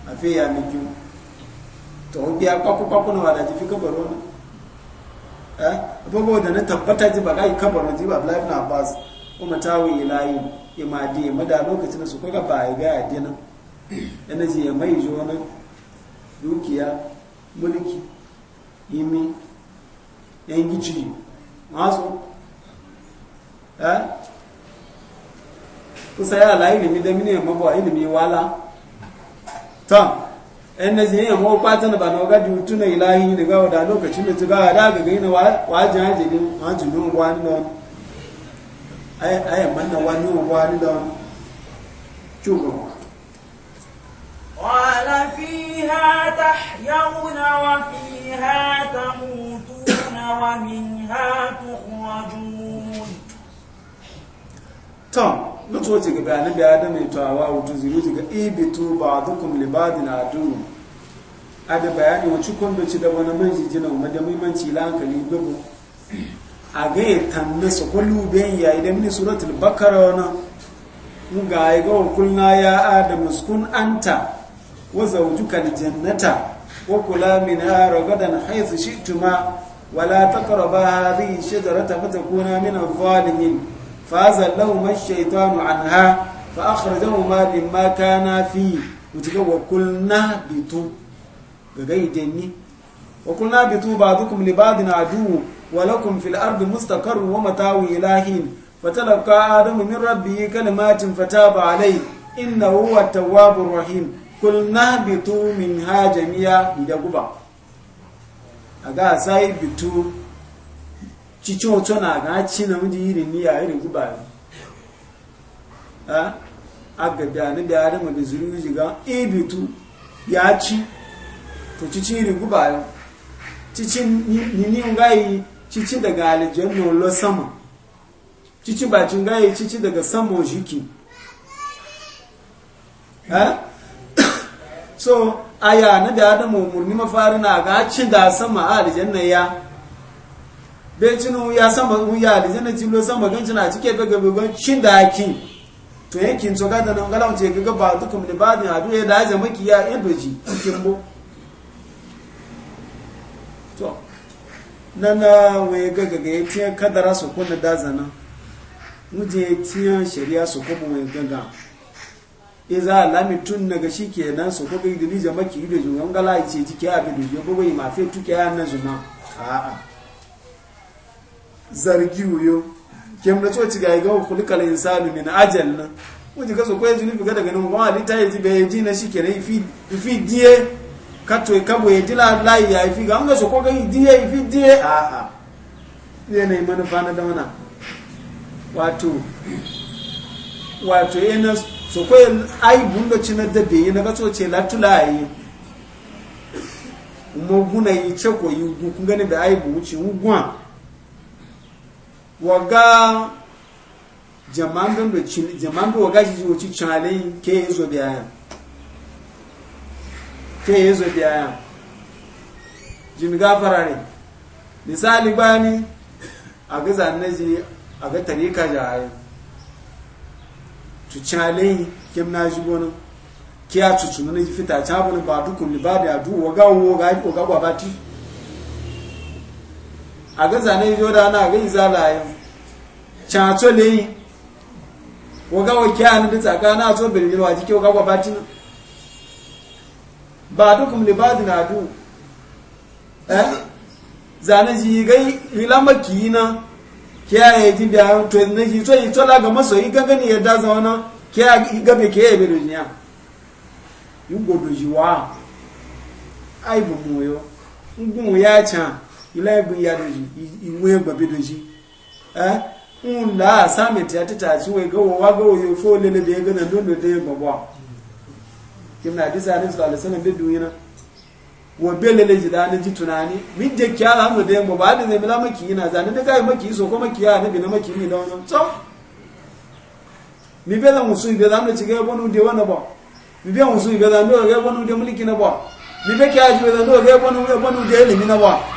afi ya mi to bi a papo no fi kabaro na eh bogo da na tabbata ji ba kai kabaro ji ba life na bas kuma tawi ilahi ya mada lokacin su ko ga ba ga dina ya mai na dukiya mulki imi masu eh kusa ya la ilimi da mini yamma ba ilimi wala ta en na zai ba ta ba na ga dutu na ilahi ne ga da lokacin da tuga da ga na ina wa jan haje ne ma junun wa ni don ay ay manna wa ni wa tom lọ́tọ́ ti gaba anabi adam ito awa wutu ziru ti ga to ba dukkan na duru a da bayani wacce kwando ci da wani mai jijina umar da muhimmanci lankali, dubu. a ga yi tanne su kwallo biyan ya idan mini suratul bakara wani ga ya ga wakulna ya adam sukun anta wa zawjuka jannata wa kula minha ragadan haythu shi'tuma wala taqrabu hadhihi shajarata fatakuna min adh-dhalimin فازلهما الشيطان عنها فأخرجهما مما كانا فيه وتقول وقلنا بطو بغيتني وقلنا بطو بعضكم لبعض عدو ولكم في الأرض مستقر ومتاع إلى حين فتلقى آدم من ربه كلمات فتاب عليه إنه هو التواب الرحيم قلنا بطو منها جميعا إذا قبع أقا سايب بطو cikin wato na ga ci na miji iri ni ya iri guba a agabi ani da yare mu da zuri jiga ibitu ya ci to cikin iri guba yo cikin ni ni ngai cikin daga aljanna lo sama cikin ba cin ngai cikin daga sama jiki ha <coughs> so aya na da adamu murni mafarina na ga cin da sama na ya bencinu wuya sama wuya ya alizanin jimlo sama a cike ga gabagon shin da hakin to yankin to gada nan galan ya ga ba dukum da ba da hadu ya daje maki ya indoji cikin bo to nan na waye ga ga ya tiya kadara su kunna dazana muje tiya shari'a su kuma waye gaga iza lamitun naga shikenan su kuma idini jamaki ido jungan gala ce cike abi duje bo bai mafe tuke ya nan zuma a'a zargi wuyo kem na coci ga ga kuli kulikal insanu min ajal na wuji kaso ko yanzu nufi daga nan kuma ali ta yanzu bai yanzu na shi kenan ifi diye kato kabo yanzu la layi ya ifi ga an gaso ko gani diye ifi diye a a yanayi manufa na dauna wato wato yana so ko ai bunda ci na da dabe yana kaso ce latula yi mo guna yi ce ko yi gun kun gani da ai bu wuce gun waga jamandun da jamandun waga jiji wuci chale ke yezo biya ke yezo biya jin gafara ne misali bani a ga zannaji a ga tarika jaye tu chale kem na ji bonan ke a tutu na ji fita ta bonan ba dukun libadi a du waga waga waga babati a ga zane yi da na ga yi yin caco le yi wa ga wake a nufin tsakanin a tsobin lilwa jike wa gaba batin ba dukkan libadi na du eh zane ji gai ilama ki na kiyaye ji da to na ji to yi to ga maso yi gangani ya da zauna kiyaye gabe kiyaye bi duniya yi godo ji wa ai bu mu yo ngun ya can ila bu ya doji inwe gbabe doji eh un la sami ta ta ta ci we ga wa ga yo fo le le be ga na dondo de gbagwa kimna hadisi alayhi sallallahu alaihi wasallam wa bele le ji dani ji tunani min je kya la mu de mo ba da zai mila maki yana zani da kai maki so ko bi na maki ni da wannan to mi bele mu su be da mu ci ga bonu de wannan ba mi be mu su be da ga bonu de mulki ba mi be kya ji be da ga bonu ga bonu de ilimi na ba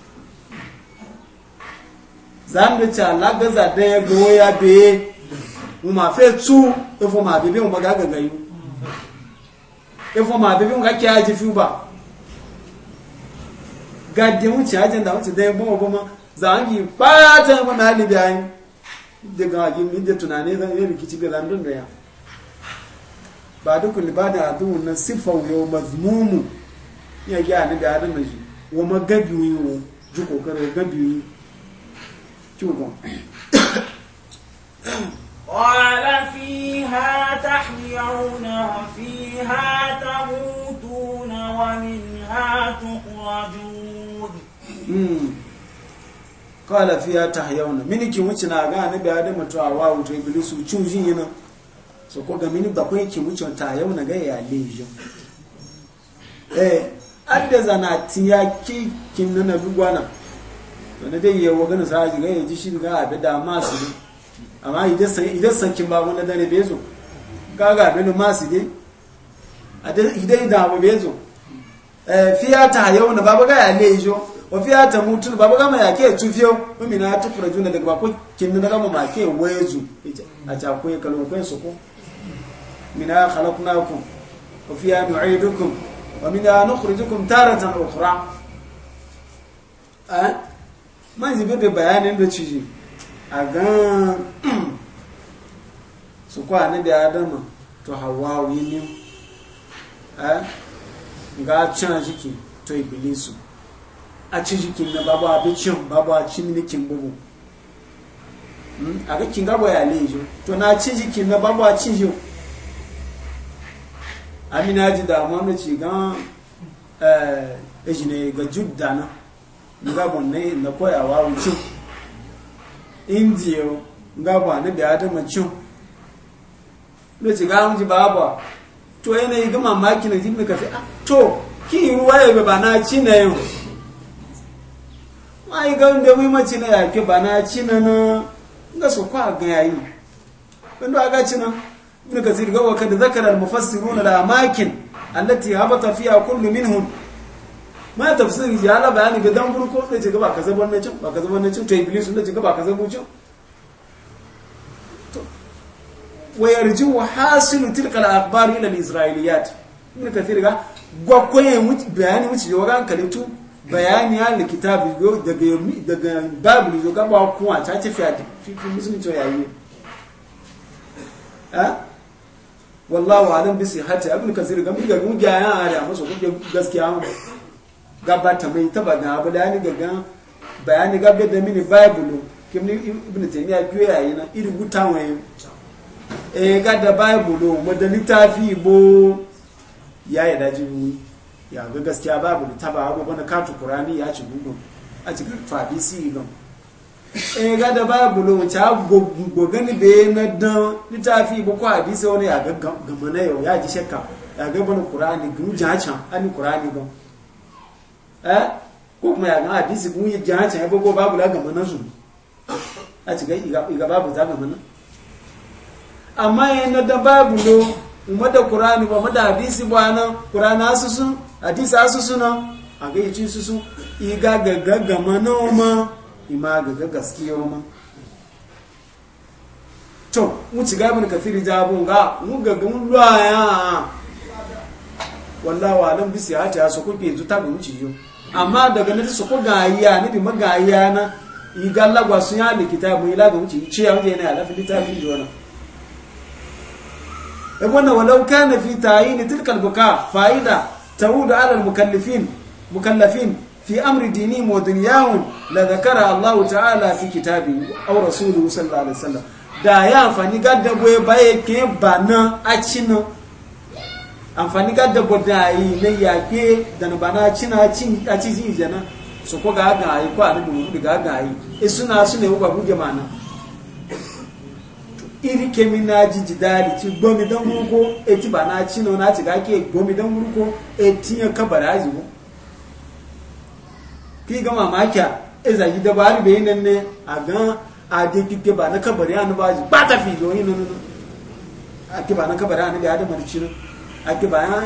zanduca lagaza daya goya beye umafe tsu efo ma bebe umma ga gagayu efo ma bebe umma ke aji fi ba gadde mu ci ajin da wuce daya bomo bomo zangi pata mu na libi ayi daga yi min da tunane zan yi rikici ga landun da ya ba dukkan libada adun na sifa yo mazmumu ya ga ni da adun ji wa magabi yo ju kokarin gabi Ƙɔla fiya ta hyauna, fiya ta mutu na wani iya tuku a duhu. Kɔla fiya ta na ga an bi a dimitiri a wawu a wuta a bili su, kuma zin'i na. Kɔkɔ min bakwai kini wacce ta hyauna, ya yi a le eyi. Adana tia na na gwana. wani dai ya wagana sa sa'aji ga yanzu shi ga abin da masu ne amma idan sakin ba wani dare bai zo ga ga abin da masu ne idan da abu bai zo eh, fiya ta yau na babu ga ya ne jo wa fiya ta mutu babu gama ya ke tufiyo mimi na tukura juna daga ba ko na gama ma ma ke wayezu a cakwai ko kalon ko su ya mina ku wa fiya nu'idukum wa mina nukhrijukum tara ukhra eh maazị ji baya bayanin da ciji a gan su kwana da adama to hawa winin ga can jiki to ibilisu a ci jikin na babu abincin babu a ci minikin bugu a ga kin gaba ya lejo to na ci jikin na babu a ci yau amina ji damuwa da ci gan ejine ga judda na ngabo ne na koyawa wucin indiyo ngabo ne da adama cin da ci gawon ji babu to yanayi ga mamaki na jimmi ah to ki ruwa ya ba na ci na yau ma yi gawon da muhimmanci na yake ba na ci na na ga su kwa ga yayi wanda aka ci na ibn kasir ga wa kad zakara al mufassirun al makin allati habata fiha kullu minhum ma tafsiri ya ala bayani ga dan burko ne ce gaba ka zabar na cin ba ka zaban na cin to iblis ne ce gaba ka zabu cin to wa yarju hasilu tilka al akhbar ila al israiliyat ibn kathir ga gwakwaye muci bayani muci yo ga kalitu bayani ya al kitab yo daga daga babu yo ga ba ku a ta ce fi fi ya yi ha eh? wallahu alam bi sihhati ibn kathir ga mun ga mun ga ya ala maso gaskiya mu gabata mai taba ga abu da ni gagan bayani gabe da mini bible kim ni ibn taymiya biya yi na irin gutan waye e ga da bible mu da litafi bo ya yi daji ya ga gaskiya bible taba abu bana katu qur'ani ya ci gugu a cikin fadisi gan e ga da bible mu ta gogani be na dan litafi bo ko hadisi wani ya ga gamana yau ya ji shakka ya ga bana qur'ani gujan can ani qur'ani gan Eh? ko kuma ya gan hadisi kun yi jahanci ya gogo babu la gama na zuru a ci iga babu za gama na amma ya na da babu lo umma da qur'ani ba mada hadisi ba nan qur'ani asusun hadisi asusun a ga yi susu iga gaga gama na ma ima gaga gaskiya ma to mu ci gabin kafiri jabun ga mu gaga mun luwa ya wallahi alam bisi hata su kuke zu mu ci yo amma daga na su ku gayya ni bi magayya na yi gallagwa sun ya likitabu yi ga wuce ce ya wuce ne ala fi litafin jona e wannan walau na fi ni tilkal buka fa'ida tawudu ala al mukallifin mukallafin fi amri dini wa dunyahum la dhakara Allah ta'ala fi kitabi aw rasuluhu sallallahu alaihi wasallam da ya fani gadda boye baye ke bana a cinu amfani ga da badayi na yake da na bana cina cin a ci zin jana su ko ga ga yi ko da dubu ga ga yi e suna su ne ba buje mana iri kemi na jiji dali ci gomi dan gurko e ti bana cina na ci ga ke gomi dan gurko e ti ya kabara ji mu ki ga mamakiya e za yi dabaru bai nan ne a ga a je kike ba na kabari an ba ji ba ta fi yo yin nan a ki ba na kabari an ga da marci nan ake bayan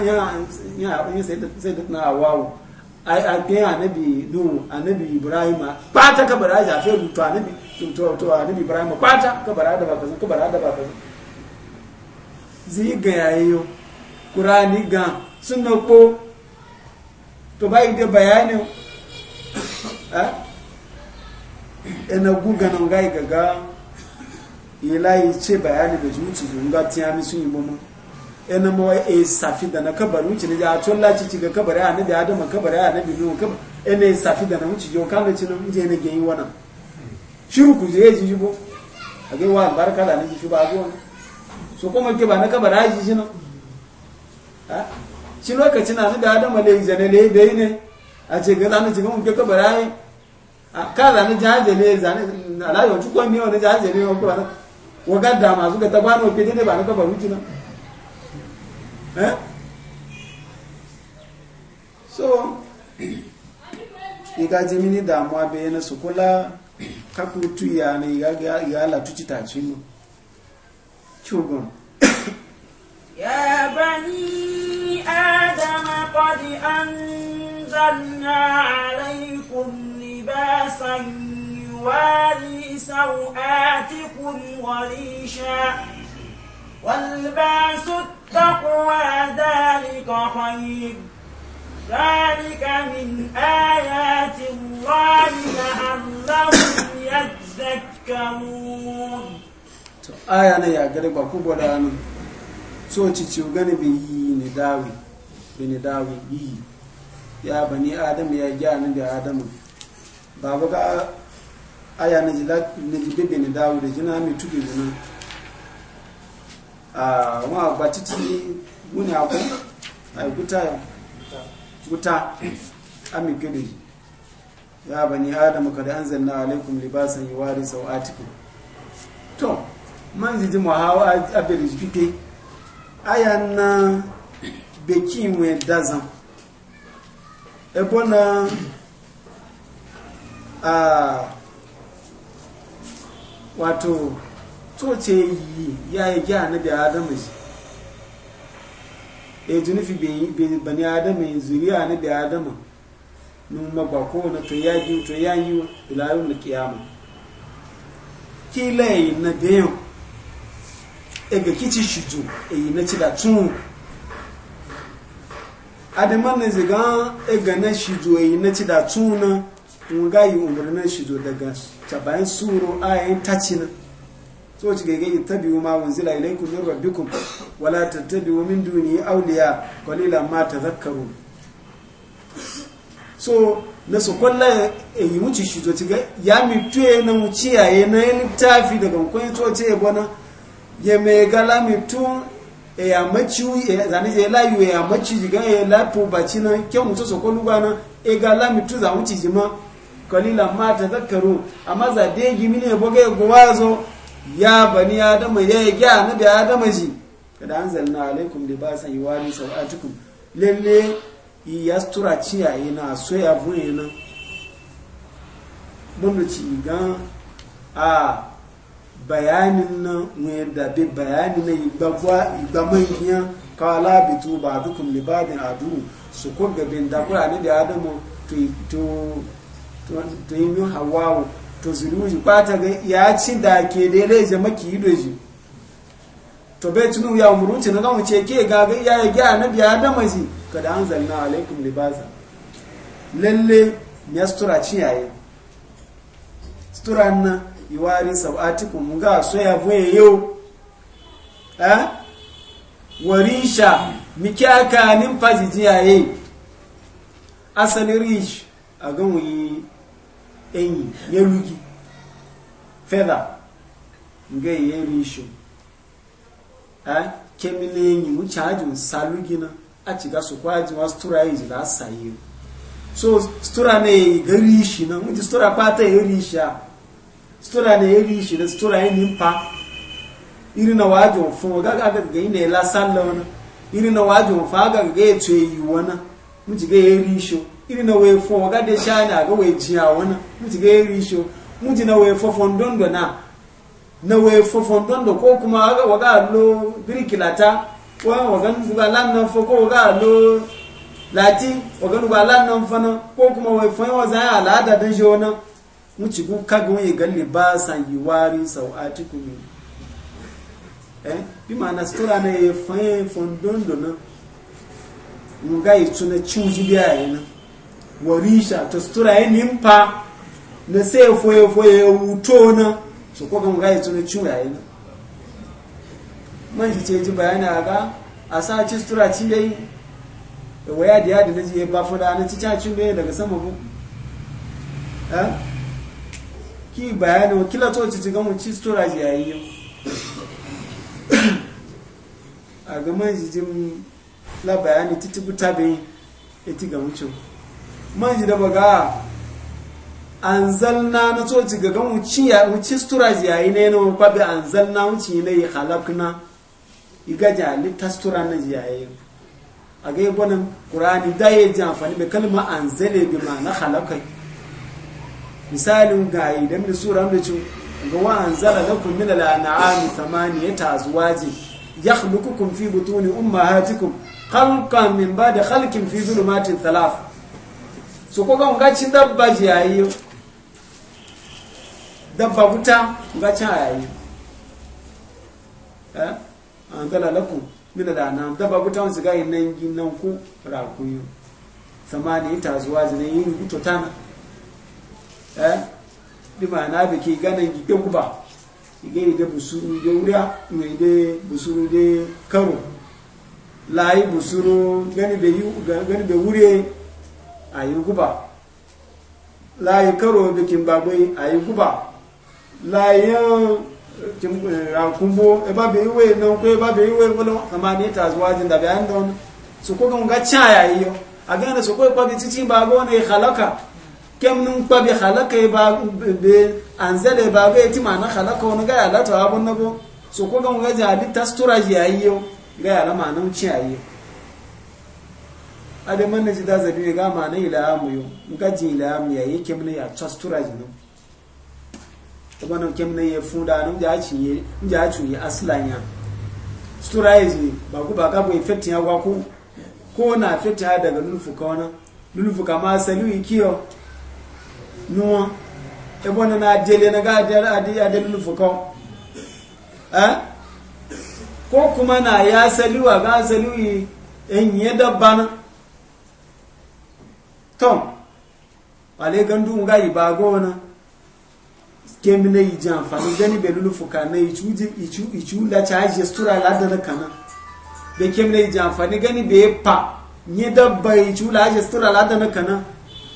yin sai da na wawo a ke anabi nuhu anabi ibrahima kwata ka bara ja fe rutu anabi to to anabi ibrahima kwata ka bara da baka ka bara da baka zi ga yayo qur'ani ga sunna ko to bai da bayani a <coughs> ena eh? eh, guga nan ga ga ila ce bayani da zuci zunga tiyami sun yi bomo ina mo e safi da na kabaru ci ne ya tolla ci ci ga kabare a ne da adam kabare a ne bi no kab ina safi da na mu ci yo kan ci no je ne geyi wana shiru ku je ji jibo age wa baraka da ne ji ba go so kuma ke ba na kabara ji ji no ha ci lokaci na da adam le ne le bai ne a ce ga ne ci mu ke kabara ai a ka zanu jaje le zanu ala yo ci ko mi wani jaje ne ko ba wa da ma su ga no ke ne ba na kabaru ci no Eh? so iga ji bene sukula bayyana su kula kakutu ya ne iga halatu ci mu cugun ya bani adama qad anzalna alaykum libasan yuwari sawatikum wa risha والبعث التقوى ذلك خير ذلك من آيات الله لعلهم يتذكرون aya na ya gari ba ku gwada ni so ci ci gani bi yi ni dawi bi ni dawi yi ya bani adam ya gya ni da adam ba ga aya na ji bi ni dawi da jina mi tudu Ah, wọn àgbà títí múni àkó àìkúta guta amikili ya bani adamu kada anzalna alaikum libasan yuwari sawatikum to man jiji muhawa abirij fike ayan na beki dazan ebona a ah, wato tó ce yi ya yi gya na da adamu shi e tuni fi bani adamu zuriya na da adamu nun magbako na to ya yi to ya yi ilayu na kiyama kila yi na e ega kici shijo e yi na ci da tun adaman na ziga ega na shijo e yi na ci da tun na nga yi umarnin shijo daga tabayin suru ayin tacina so ci gege ittabi'u ma unzila ilaykum min rabbikum wala la tattabi'u min dunihi awliya qalilan ma tadhakkarun so na so kwalla e yi wuce shi to ci ga ya mi tuye na wuce yaye na yin tafi daga kun to ce bona ya me gala mi tun e ya maci e zani je la yu e ya maci ji ga e la to baci na ke mu to so kwallu gana e gala mi tu za wuce ji ma qalilan ma tadhakkarun amma za de gimi ne boga ya gwazo ya bani adama ya yi gya na da adama ji kada an zalna alaikum da ba san yiwari sau'atukum lalle ya tura ciyaye na soya bunye nan mun ci gan a bayanin na wani da bi bayanin na igba manyan kawala bitu ba dukun libadin adu su ko gabin da kura ne da adamu to yi hawawo to zuluji kwata ga ya ci da ke daidai je maki yi doji to bai tunu ya umurunci na gamu ce ke gaga ya yi gya na biya da maji ka da an zanna alaikum libasa lalle ya sutura ci yaye sutura na iwari sab'atikum mun ga so ya voye yau sha miki aka nin faji ji yayi asali rish a gamu yi enyi yelugi nga ngai yelisho eh kemile enyi na, muchaji msalugina achiga sokwaji wastura izi la sayo so stura ne garishi na muti stura pata a, stura ne yelishi na stura eni mpa iri na waji mfo gaga na ine la sallona iri na waji mfo gaga ga etwe yiwana muti ga yelisho iri na wee fɔ ọ gade shi anya aga wee ji awụ na mutu ga eri isho mutu na wee na na wee ko kuma aga alo birikilata wa waga nufuga lannan ko waga alo lati waga nufuga na ko kuma wee fọ yawa zaya al'ada da shi wani mutu ku kaga wani galli ba san yi wari sau'ati kuma eh bi ma na na na mu ga yi tuna warisha ta sutura ya nimfa na sai foye-foye ya wuto na su kwa gama gaya tuni cin yayi na man shi ce ji bayani a ga a sa ci sutura ci yayi da waya da yadda na ji ya ba fada na ci cacin da daga sama bu ki bayani kila to ci gamu ci sutura ji yayi yau a ga man shi jin la bayani titi gutabe ya ti gamu cin man shi da baga an zalna na coci ga gan wuci storage yayi ne na kwabe an zalna wuci ne yi na iga jali ta stura na yayi a ga gwanin ƙurani da ya ji amfani da kalma an zale bi ma na halakai misalin ga yi da sura da ci ga wa an zala da kun ami samani ya ta ya halukukun fi butuni hatikun khalqan min ba da khalqin fi zulumatin thalath so ko ga nga cin dabba ji yayi dabba buta nga cin yayi eh an dala lakum min da nan dabba buta wani ga yin nan gin nan ku rakuyu samani ita zuwa zine yin ta tana eh bi ma na biki ganan gidan ku ba igeni de busuru de wura mai de busuru de karo layi busuru gani be yu gani be wure a yi guba layi karo bikin babai a yi guba layin eh, eh, kumbo e ba be iwe non ko e ba be iwe wala amani ta zuwa jin da bayan don su ko ga cha ya iyo agana su ko ba e bi titi ba go ne e khalaka kem nun ba bi khalaka e ba be anzale ba be ti mana khalaka wona ga ya la ta abun na go su ko ga ga jadi tastura ya iyo ga ya la manan ci ya yau. ade man da zabi ga ma na ila mu yo nka ila ya yake mun ya tsastura ji no to bana kem ne ya funda no ja ci ye ci ye aslanya stura ji ba ku ba ka bu effect ya ku ko na effect ha daga nufu ka wana nufu ka ma salu ikiyo nuwa e bona na dele na ga nufu ka ko kuma na ya salu ga salu en yeda bana tom ale gandu yi bago na kemi na iji amfani gani belulu fuka na ichu la caji stura da da kana da kemi na iji amfani gani be pa nye dabba ichu la caji stura da na kana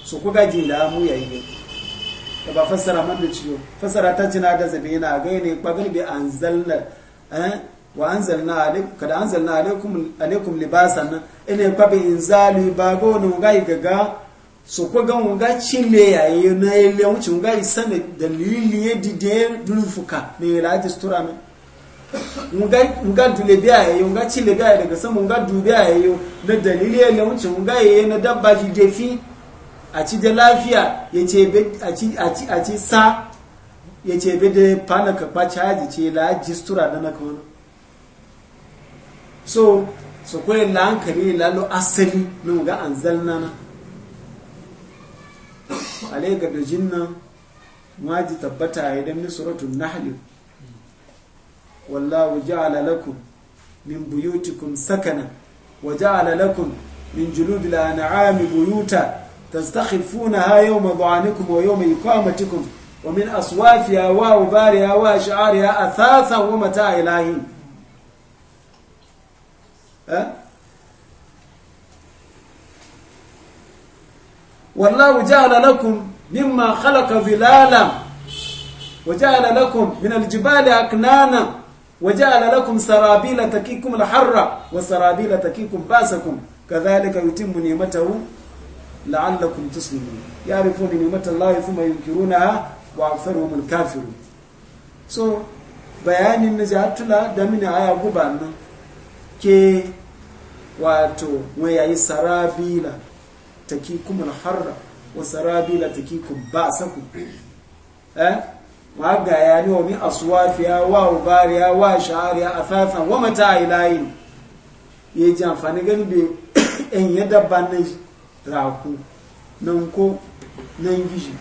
so ku jin la mu yayi da e ba fassara man da ciyo fassara ta cina da zabe yana ga ne kwagal bi anzalna eh wa anzalna alaikum kada anzalna alaikum alaikum libasan ina e kwabe inzali ba gonu ga so kwa ga wonga chile ya yi na ile mun ci mun ga da lili ye ya dide dufuka ne la ji stura me wonga ga dule biya ya yi mun ga chile biya daga san wonga ga dube ya yi na dalili ya mun ci mun ga yi na dabba ji defi a ci da lafiya ya ce be a ci a ci a ci sa ya ce be da fana ka ba caji ce la ji stura da na kuma so so ko la hankali la lo asali mun ga anzalna na alai ga dajin nan ma tabbata ya dan ni suratul nahl wallahu ja'ala lakum min buyutikum sakana wa ja'ala lakum min juludil an'ami buyuta tastakhifunaha yawma dhanikum wa yawma iqamatikum wa min aswafiha wa ubariha wa shi'ariha athatha wa mata'ilahin eh والله جعل لكم مما خلق ظلالا وجعل لكم من الجبال أكنانا وجعل لكم سرابيل تكيكم الحر وسرابيل تكيكم باسكم كذلك يتم نعمته لعلكم تسلمون يعرفون نعمة الله ثم ينكرونها وأكثرهم الكافرون so bayanin na jatula da mini aya guba nan ke wato wayayi sarabila takikum al-harra wa sarabila takikum saku, eh wa ga yani ni wa min aswafiya wa ubariya wa sha'ariya afasan wa mata ilayin ye ji amfani gani be <coughs> en yadda dabba ne raku nan ko nan gishi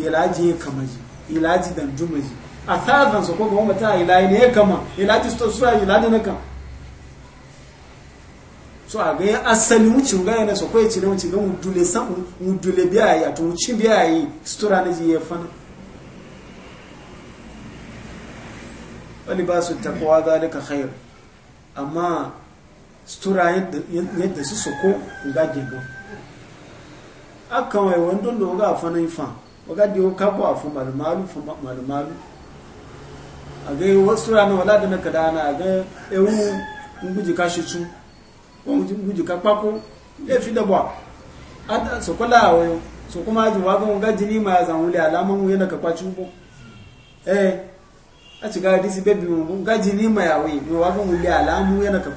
ilaji ya kama ji ilaji dan jumaji asasan so ko wa mata ilayin ya kama ilaji sto suwa ilaji na kama so a ga asali wucin ga yana so kai cire wucin ga mudule san mudule biya yi ya to wucin biya yi stura na jiye fana wani ba su takwa zalika khair amma stura yadda su soko ga gebo akan wai wanda da ga fana yi ifa ga diwo kabo afu malmalu fu malmalu a ga wasu rana wala da na kadana a ga ewu guji kashe tun wọn guji ka kpako ya fi dabwa su kula a wayo su kuma aji wagon gaji ni ma ya zanwule alaman wuya na kakwaci ubo eh a ci gadi si bebi mu gaji ni ma ya wayi mai wagon wuli alaman wuya ko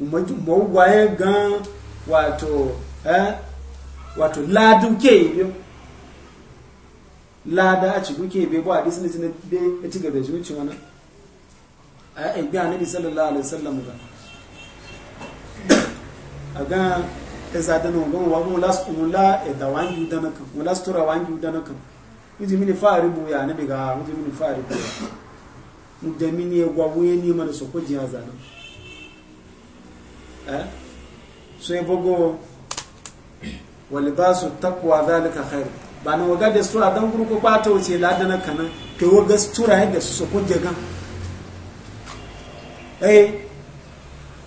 magwaye gan wato eh wato ladu ke biyo lada a cikin ke biyo ba a disney na be ya e ci gaba zuci wani a yi biya na sallallahu alaihi sallam ga a gan ya e zata na gan wa mula su e mula ya da wani yuda kan mula su tura wani yuda na kan mutum mini fari buya na ga mutum mini fari buya da mini ya gwawo ya nima da sokoji a zanen eh so bogo wali ba su takwa zalika khair ba waga da sura dan gurko ba ta wuce ladana kanan kai waga sura yadda su su kuje gan eh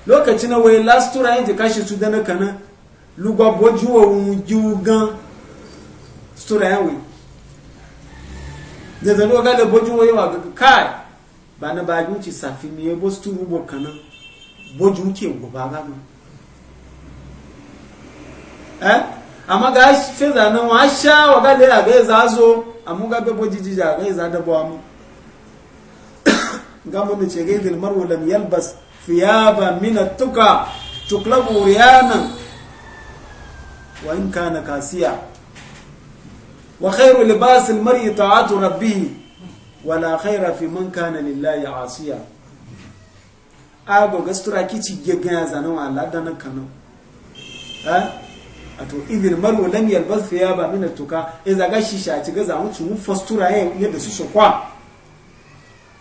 lokacin na last yadda kashi su dana lugwa gan da waga da bojuwa yawa kai ba ba safi me bo bo kanan boji muke guba gama eh amma ga feza nan wa sha wa ga lera ga za zo amma ga be boji ga za da bawa mu ga mun ce ga dil marwa lam yalbas thiyaba min tuka tuklabu riyanan wa in kana kasiya wa khairu libas al-mar'i ta'atu rabbih wala khaira fi man kana lillahi asiya ago gastura sutura kici geggan ya zanen wa Allah dana nan kano ha eh? ato idil maru lam yalbas thiyaba min atuka e zaga shi sha ci ga zamu ci fastura ya yadda su sokwa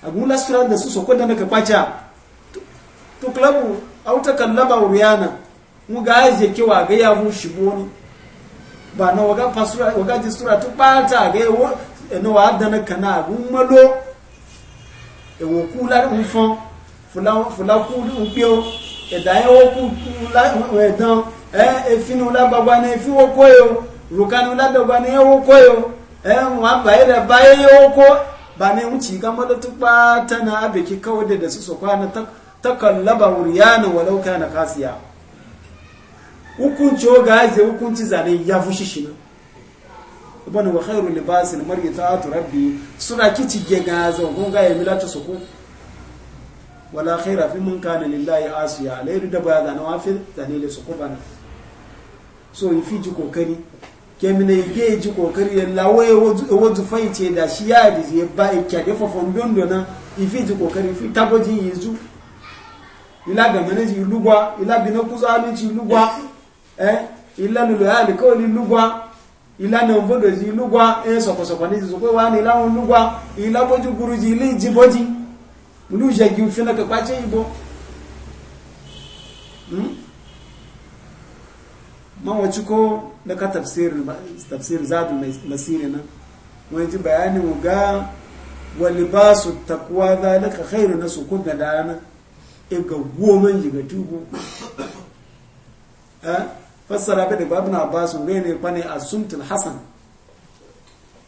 agun la sutura da su sokwa da ka kwacha to klabu au ta kallaba uriyana mu ga je ke wa ga ya mu shi boni ba na waga fastura waga ji sura to bata ga yo eh, no wa da kana agun malo e wo kula mun fon fulakulu e, gbé o ẹ̀dá ẹwọ́kú ẹ̀dán ẹ̀fínú lágbàgbà ní e, ẹ̀fíwókó yóò rùkánú e, lágbàgbà ní ẹwọ́kó yóò ẹ̀hùn àbáyẹ̀rẹ̀ báyẹ̀ yóòkó ba ne wuce ga malatuba tana abiki kawai da su su kwana takallaba wuriyana walau kana kasiya hukunci ga ya hukunci zane ya fushi shi na ibn wa khairu libasil mar'i ta'atu rabbi suna kici ga zan kun ya milatu su ku wala khaira fi man kana lillahi asiya alairu da baya zana wafi zane da su kubana so yi fi ji kokari kemina yi ke ji kokari ya lawaye wazu fahimce da shi ya yi ya ba ya kyade fafon dondo na yi fi ji kokari fi tabbajin yi zu ila ga mana ji lugwa ila bi na kusa abinci lugwa eh ila lulu ya alikawali lugwa ila na obodo ji lugwa eh sọkọsọkọ ni ji sọ pé wà ní ìlànà lugwa ìlàbójú li ji ilé lu jagi fi na ka kwace bo? man wace ko da ka tafsir zadun masiri na wani ji bayanin ga wani ba su da ka khairu na su kuma da e ga goma ji ga tubu eh? fassara ba da babu e na ba su ne kwane a sumtul hasan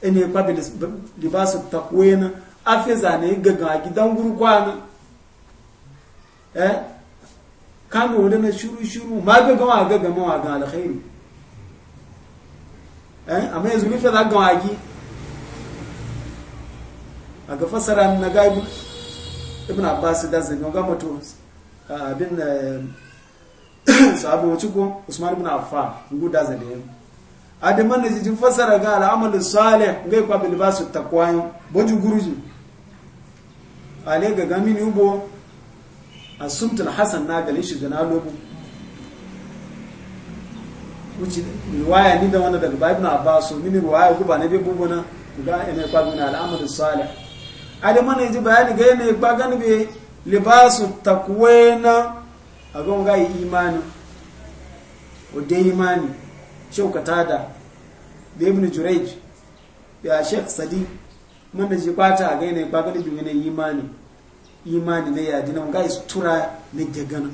ne kwabi libasu takwai na afe zane gaga gidan gurgwani eh kan wuri na shuru shuru ma gaga wa gaga ma ga alkhairi eh amma yanzu mun fada gawa gi a ga fasara na ga ibn abbas da zai ga mutu abin eh, <coughs> sahabu wacce ko usman ibn affan guda zai da yau da jijin fasara ga al'amalin salih ngai kwa bilbasu takwayin boju guruji ale ga gami ni ubo asumtul hasan na galin shi gana lobu wuce riwaya ni da wani daga bayan su mini riwaya guba na bi bubuna guda ina kwa gina al'amadu salih ale mana yaji bayani ga yana kwa gani bi libasu takwena a gan ga imani o dai imani shaukata da da ibn jurej ya shek sadi mana ji kwata ga yana kwa gani bi yana imani imani na yadi na ga istura na gegana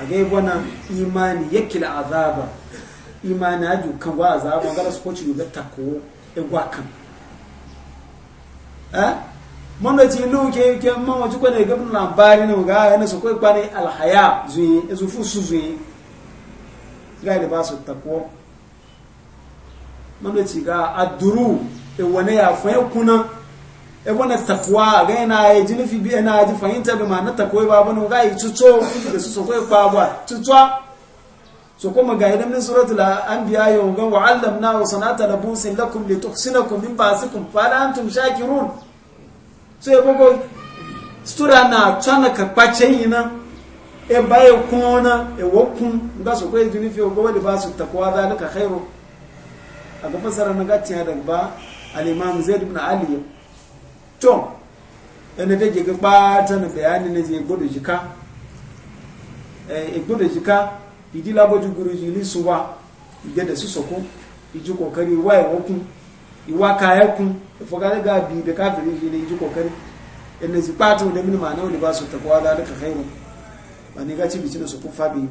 a ga ibona imani yakila azaba imani a kan wa azaba ga su koci ga takko egwa kan eh mana ji lu ke ke ma wa jiko ne ga bin lambari na ga yana su koi kwani alhaya zuyi ezufu su zuyi ga da ba su takko mana ci ga aduru e wane ya fa kuna na takwa ga yana ya fi bi biya na ji fahimta bi na takwa ba bano ga yi tuto da su sokwai kwabwa tutwa so ma ga idan min suratul anbiya yau ga wa allamna wa sanata labusin lakum li tuhsinakum min ba'sikum fa la antum shakirun so e go stura na tsana ka kwace na e baye na e wokun ga so kwai junifi go wadi ba su takwa ka khairu a ga fasara na tiya da ba al-imam zaid ibn ali to da take ga ɓatan bayani na je gbọdọ̀ jika gbọdọ̀ jika ìdí lábọ́jú gúrú jù ní sùwà ìgbẹ́dẹ̀ sísọ̀kú ìjú kọ̀kẹ́rì ìwà ẹ̀wọ́kún ìwà kaẹ́kún ìfọ̀kálẹ́gà bí ibẹ̀ káfìrí jù ní ìjú kọ̀kẹ́rì ẹ̀nà sí ɓatan da mini ma'ana wani ba su taɓa wada da kakairu ba ni gaci bici na sukun fabi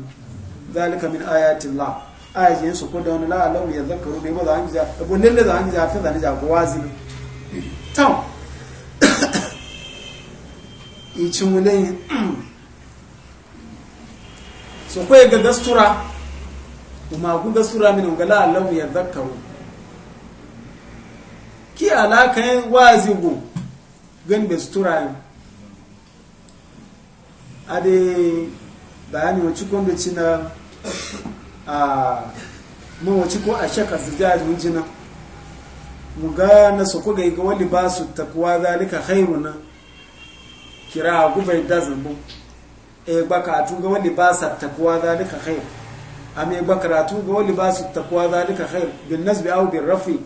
zalika min ayatin la ayatin su da wani la'alau ya zakaru ne ba e za a hangi za a fi zane jagowa zini town In ichi wulayin so kwaye ga gastura umagu gastura min ungala allahu ya zakaru ki alakayin wazigu gan gastura yin ade bayani wacce kwambe cina a mawacce ko a shaka zirga jina mu ga na su kuga ga wani ba su takuwa zalika khairu na kira a bai yadda zambo e yi ka tu ga wani ba su takuwa zalika A ame ba karatu ga wani ba su takuwa zalika khairu bin nasbi au bin rafi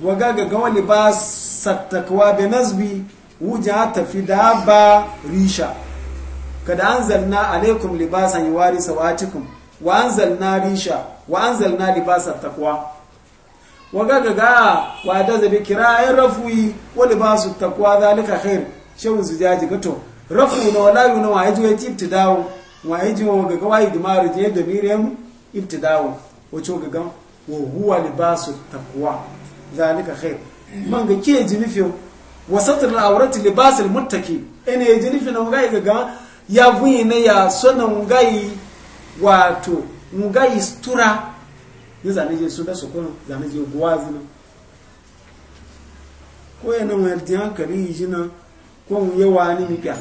wa ga ga wani ba su takuwa bin nasbi wuja tafi da ba risha kada an zalna alaikum libasan yuwari sawatikum wa an zalna risha wa an zalna libasan takuwa waga gaga wa da zabi kirayen rafuyi wani ba su takwa zalika khair shehun su jaji gato rafu na na wala yuna wa yaji wai ibtidawo wa yaji wa gaga wa idmaru je da miriam ibtidawo wato gaga wa huwa libasu takwa zalika khair man ga ke ji nufin wa satr al-awrati libasul muttaqi ene ji nufin ga gaga ya vuni ne ya sonan ngai wato ngai stura ni zane je su da su kun zane je guwazi na ko yana mai din hankali yi na ko mu yi wani miga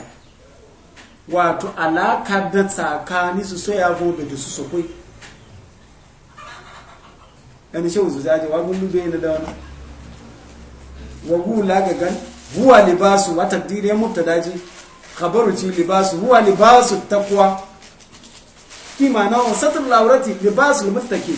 wato alaka da tsakani su so ya gobe da su so kai yani shehu zuzaje wa gundu bai na da wani wa gula ga gan huwa libasu wa takdirin mubtadaji khabaru ci libasu huwa libasu taqwa ki ma'ana satrul awrati libasul muttaqin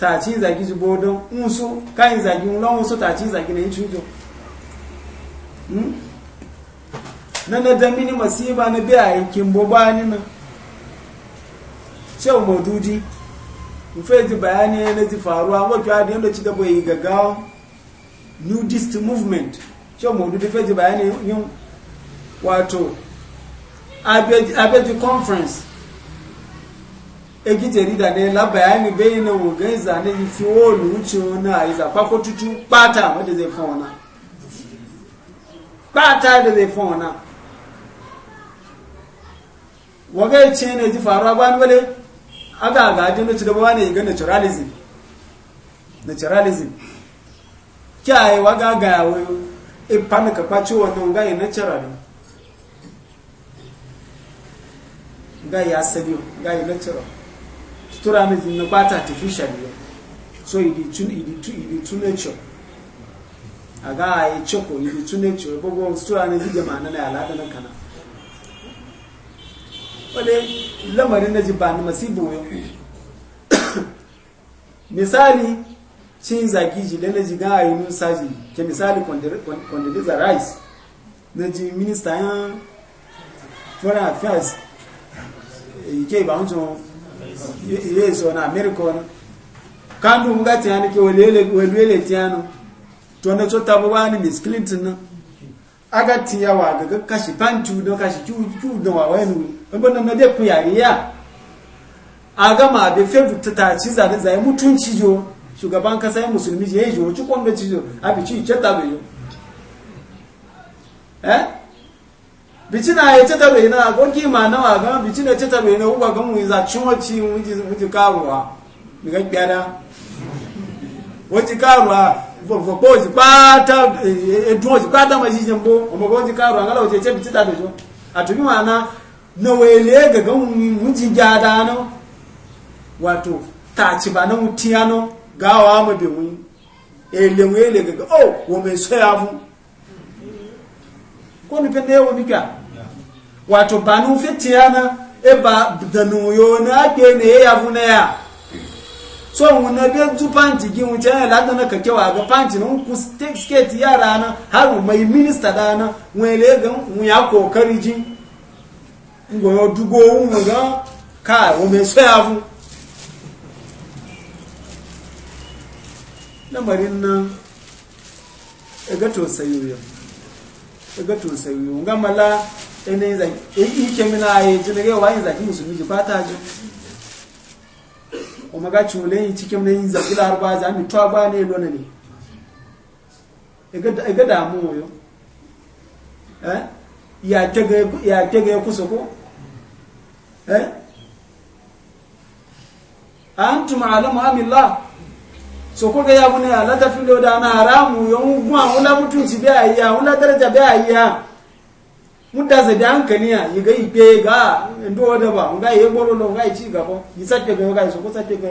tààtí ìzàgí ti bọ́ọ̀dọ́ ń só káyí ìzàgí ń lọ́wọ́ só tààtí ìzàgí ní ìtújọ nana da mini masiba na biya aikin boba ni na cewa maududi mufe ji bayani na ji faruwa wakil adi yadda ci gaba yi gaggawa nudist movement cewa maududi fe ji bayani yin wato abeji conference Eki jarida ne la bayani bai na wogan zane yi fi wolu wuce wani a yi zafa ko tutu kpata wadda zai fa wana kpata da zai fa wana wagai ce ne ji faruwa ba wale aga aga ajin da cigaba wani ga naturalism naturalism yi e, waga ga yawo ipan ka kwaci wannan ga yi natural ga ya sabi ga yi natural sutura na zina ba ta artificial yau so idi tun idi tu a tu nature aga ai e choko idi tu nature bogo sutura na zija mana na alada na kana wale lamarin na jiba na masibu yau <coughs> misali cin zaki ji lana ji ga ayi nun saji ke misali kondiliza rice na ji minista yan foreign affairs yake e, ba wancan ye sona mirkon kandu mga tiyani ke welele welele tiyano tonda chota miss clinton aga tiya wa ga kashi pantu kashi chu chu do de ku ya be mutunci shugaban kasa musulmi je jo ci kwanda ci jo eh bici ya cita bai na gogi ma na wa gama bici na cita bai na uba ga mu za cin waci mu ji karuwa mi ga kyara waci karuwa fofo bo ji pata e, e, e duwo ji pata ma ji jembo o bo ji karuwa ngala wace ce bici da dojo a tubi ma na na wele ga ga mu ji gyada no wato ta ci ba na mutiyano gawa mu bi mu ele mu ele ga oh wo me so ya mu ko ni pende wo mika wato banu nu fitiya e da nu na ke ne ya vuna ya so wuna be tu panti gi mu tana la na ka kewa ga panti nun ku skate ya rana har mai minista da nwere ga mu ya kokari ji ngo yo dugo mu ga ka o me so ya vu lamarin nan e ga to sayoyo e ga to sayoyo ga mala ene za yi eh, ke mina ye jina ga wani zaki musulmi ji fata ji o maga chule yi cikin ne za kila arba za mi twa ba ne lona ne ega ga da mu yo eh ya tege ya tege kusa ko eh antum alamu amillah so ko ga ya bune ala da filo da na haramu yo mu ma wala mutunci bi ayya wala daraja bi ayya mutaza da hankali ya yi ga ipe ga ndo wada ba nga yi gboro lo nga yi ci gaba yi sate ga ga yi soko sate ga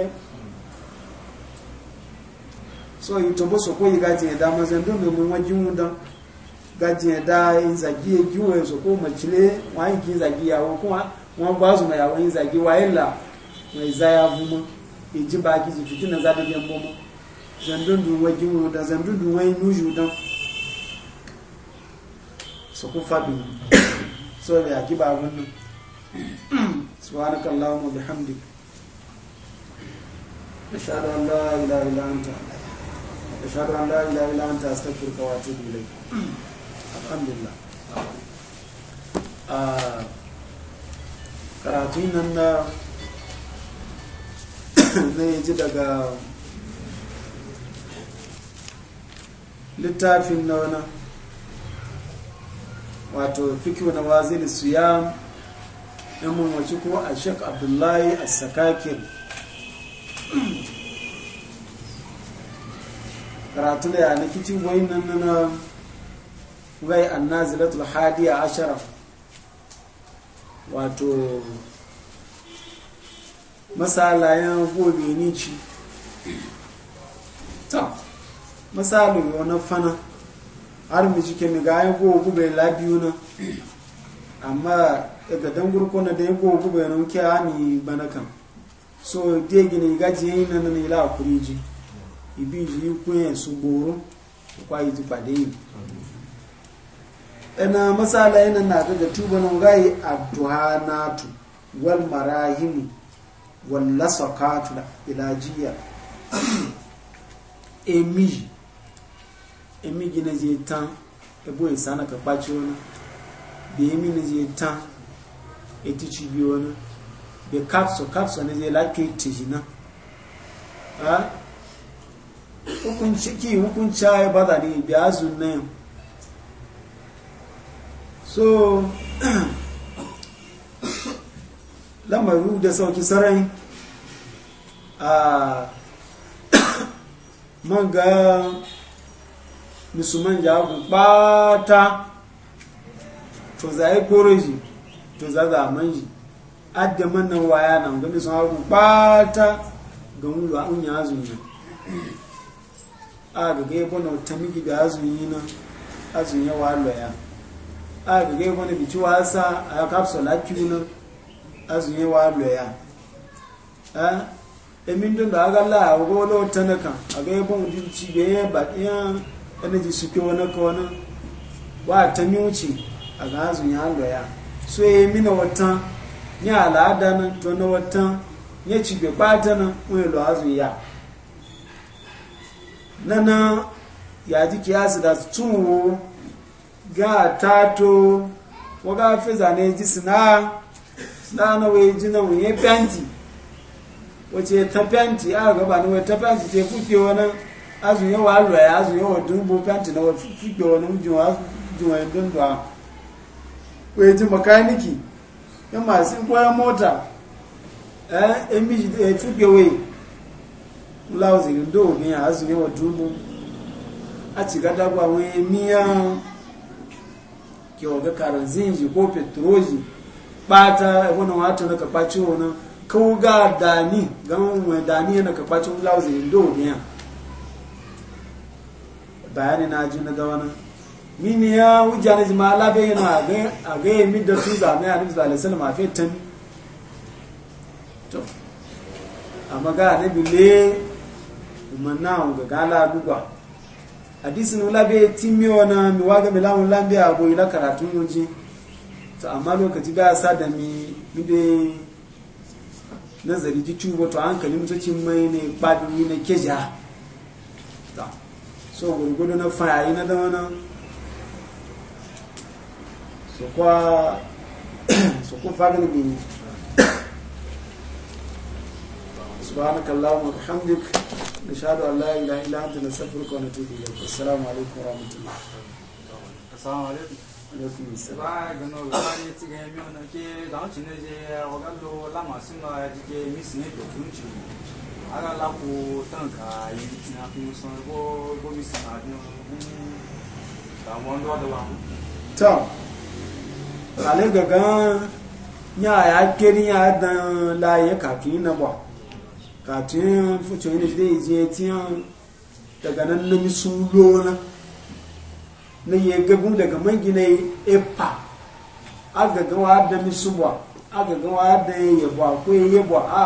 so yi tobo soko yi ga jiye da ga da yi zagi soko wa yi ki zagi ya kuma wa yi zagi wa yi ji ba ki ji fitina za biyan da yi ku faɗi so da yaki ba wannan subhanaka allahumma bihamdik ashhadu an la ilaha illa anta ashhadu an la ilaha illa anta astaghfiruka wa atubu ilayk alhamdulillah karatu nan na zai ji daga littafin na wani wato fikir na wazili suyam ɗan mamaci kuma a shek abdullahi a sakakin karatu da yana kicin wai nan na wai annazilatul hadiya ashara wato masalayen gobe ni ci ta wani fana har mu ji kemi ga yan gogu bai labiyu na amma daga dan gurko na da yan gogu bai nan kya ni bana kan so de gini gaji yin nan ila la ji ibi ji ku yan su boro kwa yi ti pade yi ina masala yana na daga tuba nan yi addu'a natu wal marahimi wal lasaqatu ila jiya <clears throat> emi emi gina je tan ebo insana ka kwaci wani bi emi na je tan eti ci bi wani bi kapso kapso na je lafiya ti jina ha hukunci ki hukunci ya e ba da ni bi azu na so <clears throat> lamaru da sauki sarai a ah, <coughs> man ga musulman jagu ɓata to za a yi koroji to za a zaman ji adda mannan waya nan gani sun hagu ɓata ga mulu a unya azumi a ga gai bana ta miki da azumi na azumi ya walo ya a ga gai bana bici wasa a ya kapsula kiwu na azumi ya walo ya emin don da aga la a wolo ta na kan a ga yi bana bici da ya baƙi wani ji suke wani ka wani wa ta miuci a gazun ya loya so ya yi mina watan ya al'ada na to na watan ya ci bai kwata na wani lo azun ya na na ya ji kiyasi da wo ga ta to waga fi zane ji sina sina na wai ji na wani ya fenti wace ta fenti a gaba ni wai ta fenti ce kuke wani azu yẹn wà lọ ẹ azu yẹn wọ dùnbò pẹ́ǹtì náà fígbẹ́ wọn ní jùn wọn jùn wọn dùndùn a wọ́n e, e, ti mọ̀káníkì yẹn máa sí kọ́ ẹ mọ́tà ẹ ẹmí ẹ fígbẹ́ wẹ̀ láwùsì ndó òní azu yẹn wọ dùnbò àti gàdàgbà wọn ẹmí yẹn kí ọ̀gá bayani na ji na gawana min ya wujja na jima labe yana a ga yi da su zame a nufi zale salama a tan to amma ga bile le umarna ga gala dugwa hadisin labe timi na mi waga mi lamun lambe a goyi na karatun yunji to amma lokaci ga sa da mi mide nazari ji tubo to hankali mutacin mai ne kwadin yi na keja so gun gun na fire ina da wana so kwa so ku fagan bi سبحانك اللهم وبحمدك نشهد ان لا اله الا انت نستغفرك ونتوب اليك السلام عليكم ورحمه الله السلام عليكم Merci. ara la ko tanka yi na fi san ko ko mi san ajo un ta won do wa ta ta le gagan nya ya keri ya dan la ye ka ki na ba ka ti fu cho ni de je ti an ta ga nan ni su lo na ne ye gagun daga man gi ne e pa a ga ga wa da mi su ba a ga ga wa da ye ba ko ye ba a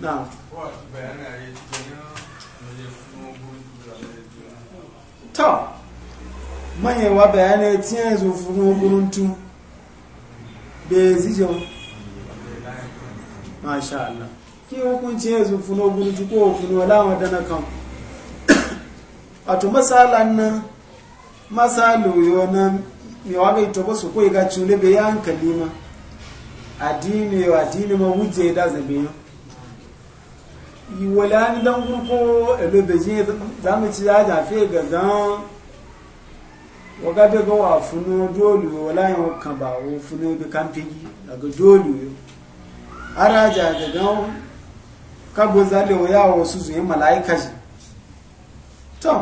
na ta manyewa bayanai tiyan zofunan guruntu bai zijo masha Allah kí hukunci ya zofunan guruntu ko hukunan lawan dana kan wato masala nan matsaloyo na mewa bai tobo su kai ga cule bai yi hankali ma adini yau adini ma wuje da zabe yau ìwọ̀lẹ̀ anidan gúrúkú ẹ̀lú beijing zami ti yájà fi gàgán wọ́gádẹ́gọ́ wà fún dóòlù wọ́láyìn kàbà ó fún ibi kàmpégi àgbà dóòlù yóò ara jà gàgán kágbó zálẹ̀ wọ́n yáwọ̀ sùsù yẹn màláìka jì tọ́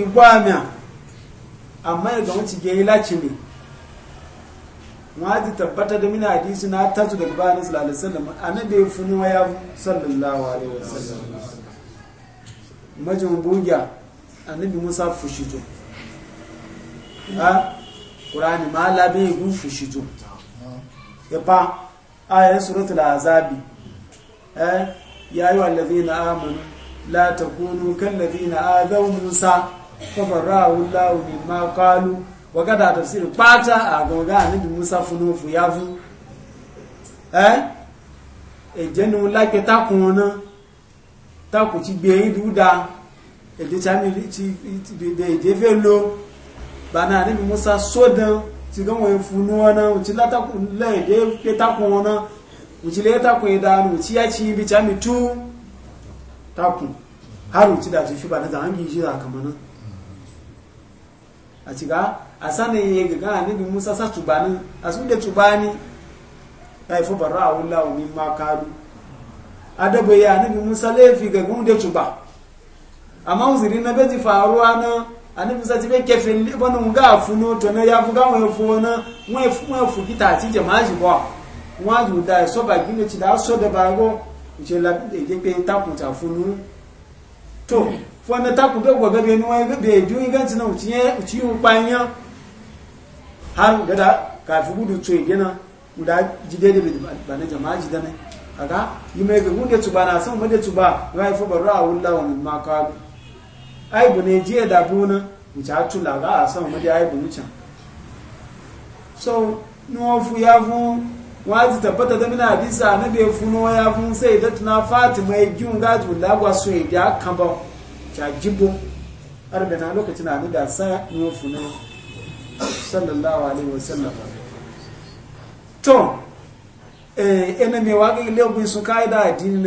ìgbọ́ àmì àmọ́ ìgbà wọ́n ti waji tabbata da mina hadisi na tazu daga bayan sallallahu alaihi wasallam annabi ya wa ya sallallahu alaihi wasallam majin bugya annabi musa fushito ha qur'ani ma la bi gu fushito ya fa ayat suratul azabi eh ya ayu allazina amanu la takunu kal ladina adaw musa fa barahu allah mimma qalu wakada tafsiri pata agonga anibi musa funu fuyavu eh ejenu lake takuna taku ti gbe yin duda eje chami ti de eje bana anibi musa sodan ti gan won funu ona uti lataku le eje pe le taku ya bi tu taku da fi bana a ciga a sanin ya gaga annabi musa sa tubani a su da tubani ya fi barra a wula wa mimma kalu adaba ya annabi musa laifi gaga da tuba amma na gaji faruwa na annabi musa ti bai kefe libanin ga funo to na ya buga wani na wani fukita ci jama'a ji ba wọ́n jù dá ẹ̀sọ́ bàgí lè ti dá sọ́dọ̀ bá rọ́ ìṣẹ́lẹ̀ ìgbẹ́gbẹ́ tákùntà funu tó fọ́nà takù bẹ́ gbọ̀gbẹ́ bí ẹni wọ́n bẹ̀ ẹ̀dùn igáǹtì náà tí yíò pa ẹyán harin gada kàfi gudu tó ìgbéna guda jide da bane jama'a jide ne aga yi mai ga gunde tuba na san gunde tuba ya haifu baro a wula wa min da bu na a san so ya fun tabbata da mina hadisa na bai funo ya fun sai fatima ya giyun gajin lagwa ta jibo arbe na lokaci na ni da sa yi funu sallallahu alaihi wasallam to eh ene me wa ga lebu su kai da din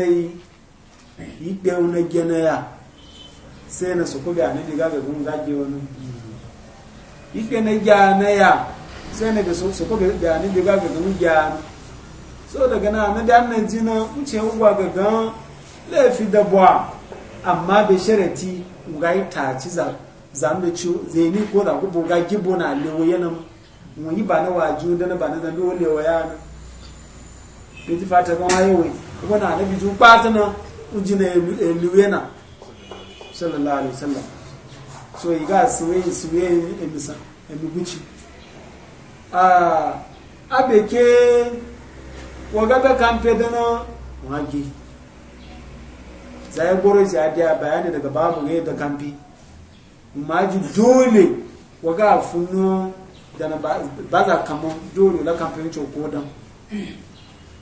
yi de una gena ya sai na su ko ga ni ga gun gaje wani yi ke na ga na ya sai na ga su su ko ga ni gun ga so daga na na da na jina mu ce ugwa ga gan le amma be sharati ga yi taci za zambe ci zai ni ko da gubu ga gibo na lewo yana mu yi ba na waju da na ba na da wani lewo yana ne ti fata kan haye wai kuma na nabi ju kwata na uji na lewo yana sallallahu alaihi wasallam so yi ga suwe suwe emisa emiguchi a abeke wagabe kampe dana wagi zai goro ji adiya bayani daga babu ne da kamfi ma ji dole waga funo da na ba za kamun dole la ne coko dan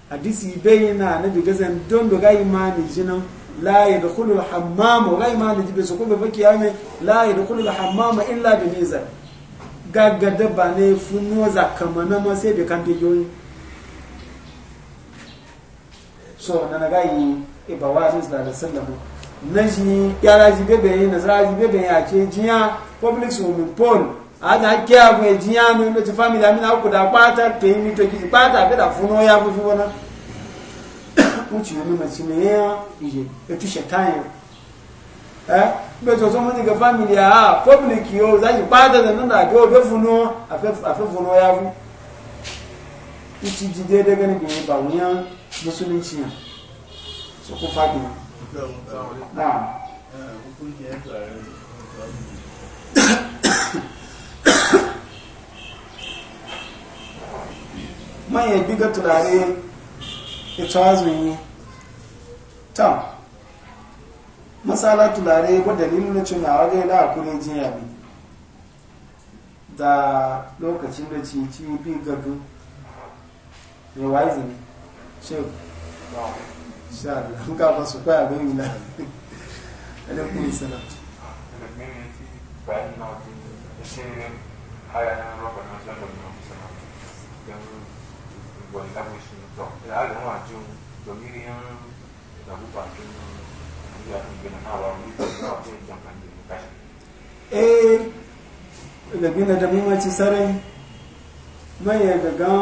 hadisi bayyana na daga zan don da ga imani jinan la yadkhulu al-hammam yi ga imani jibe su ko ba baki yame la yadkhulu al-hammam illa bi nizar gaggada ba ne funo za kama ma sai da kamfi yoyi so na na ga yi ibawaris da sallamu na shi yara ji bebe yi na zara ji bebe yi a ke jiya public swimming a ke abu ya jiya mi lo ti family ami na kuda pata pe mi to ki da funo ya fufu wona uchi mi ma ti me ya iye e tu eh be to so mo ni ga family ah, public yo za ji da nan da funo a fe a fe funo ya fu uchi ji de de ga ni musulunci ya su ku faɗi na manyan biga turare ita azumi ta Masala turare ko dalilin na cin nawa ga da kure jiya ne da lokacin da ci ci bi gado revising shek insha Allah an ka masu kwaya abin yana alaikun da gina da muhimmanci sarai mai ya gaga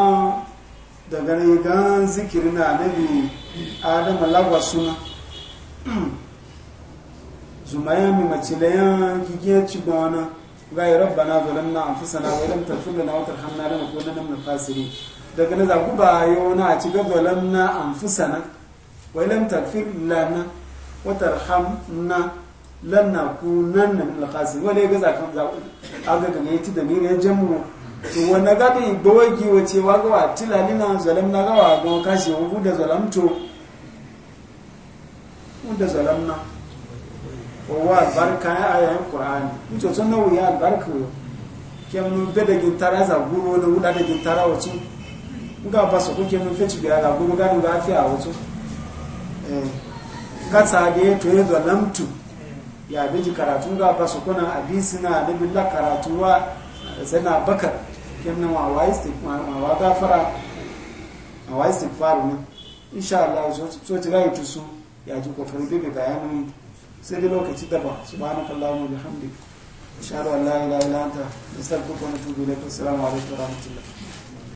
daga ne gan zikiri na nabi adam lagwa suna zumaya mi macilayan gigiyar na amfi sana zalamna anfusana wa na taghfir lana wa tarhamna lanakunanna min al-khasirin daga na zaku ba wani a ci zalamna anfusana wa lam taghfir lana wa tarhamna nan na al-khasirin ya ga zakan zaku aga ga ne ti da mire jamu to wanda gadi gbawagi wace waga wa tilali na zalam na gawa ga kashi wubu da zalam to da zalam na wa albarka ya ayayin qur'ani mutu sun nawo ya albarka yo kem nu be da gintara za guru na wuda da gintara wace ga ba su kuke mun fece biya da guru ga ga fi a wato eh ga tsade to ya zalam to ya biji karatu ga ba su kuna abisina na billah karatu wa sai na bakar kemna wa wa ta wa a gafara wa faru ne insha Allah so ti rayu tusu ya ji kokarin bebe bayanin sai dai lokaci daba subhanakallahumma wa bihamdika insha Allah la ilaha illa anta astaghfiruka wa atubu ilaik assalamu alaikum wa rahmatullah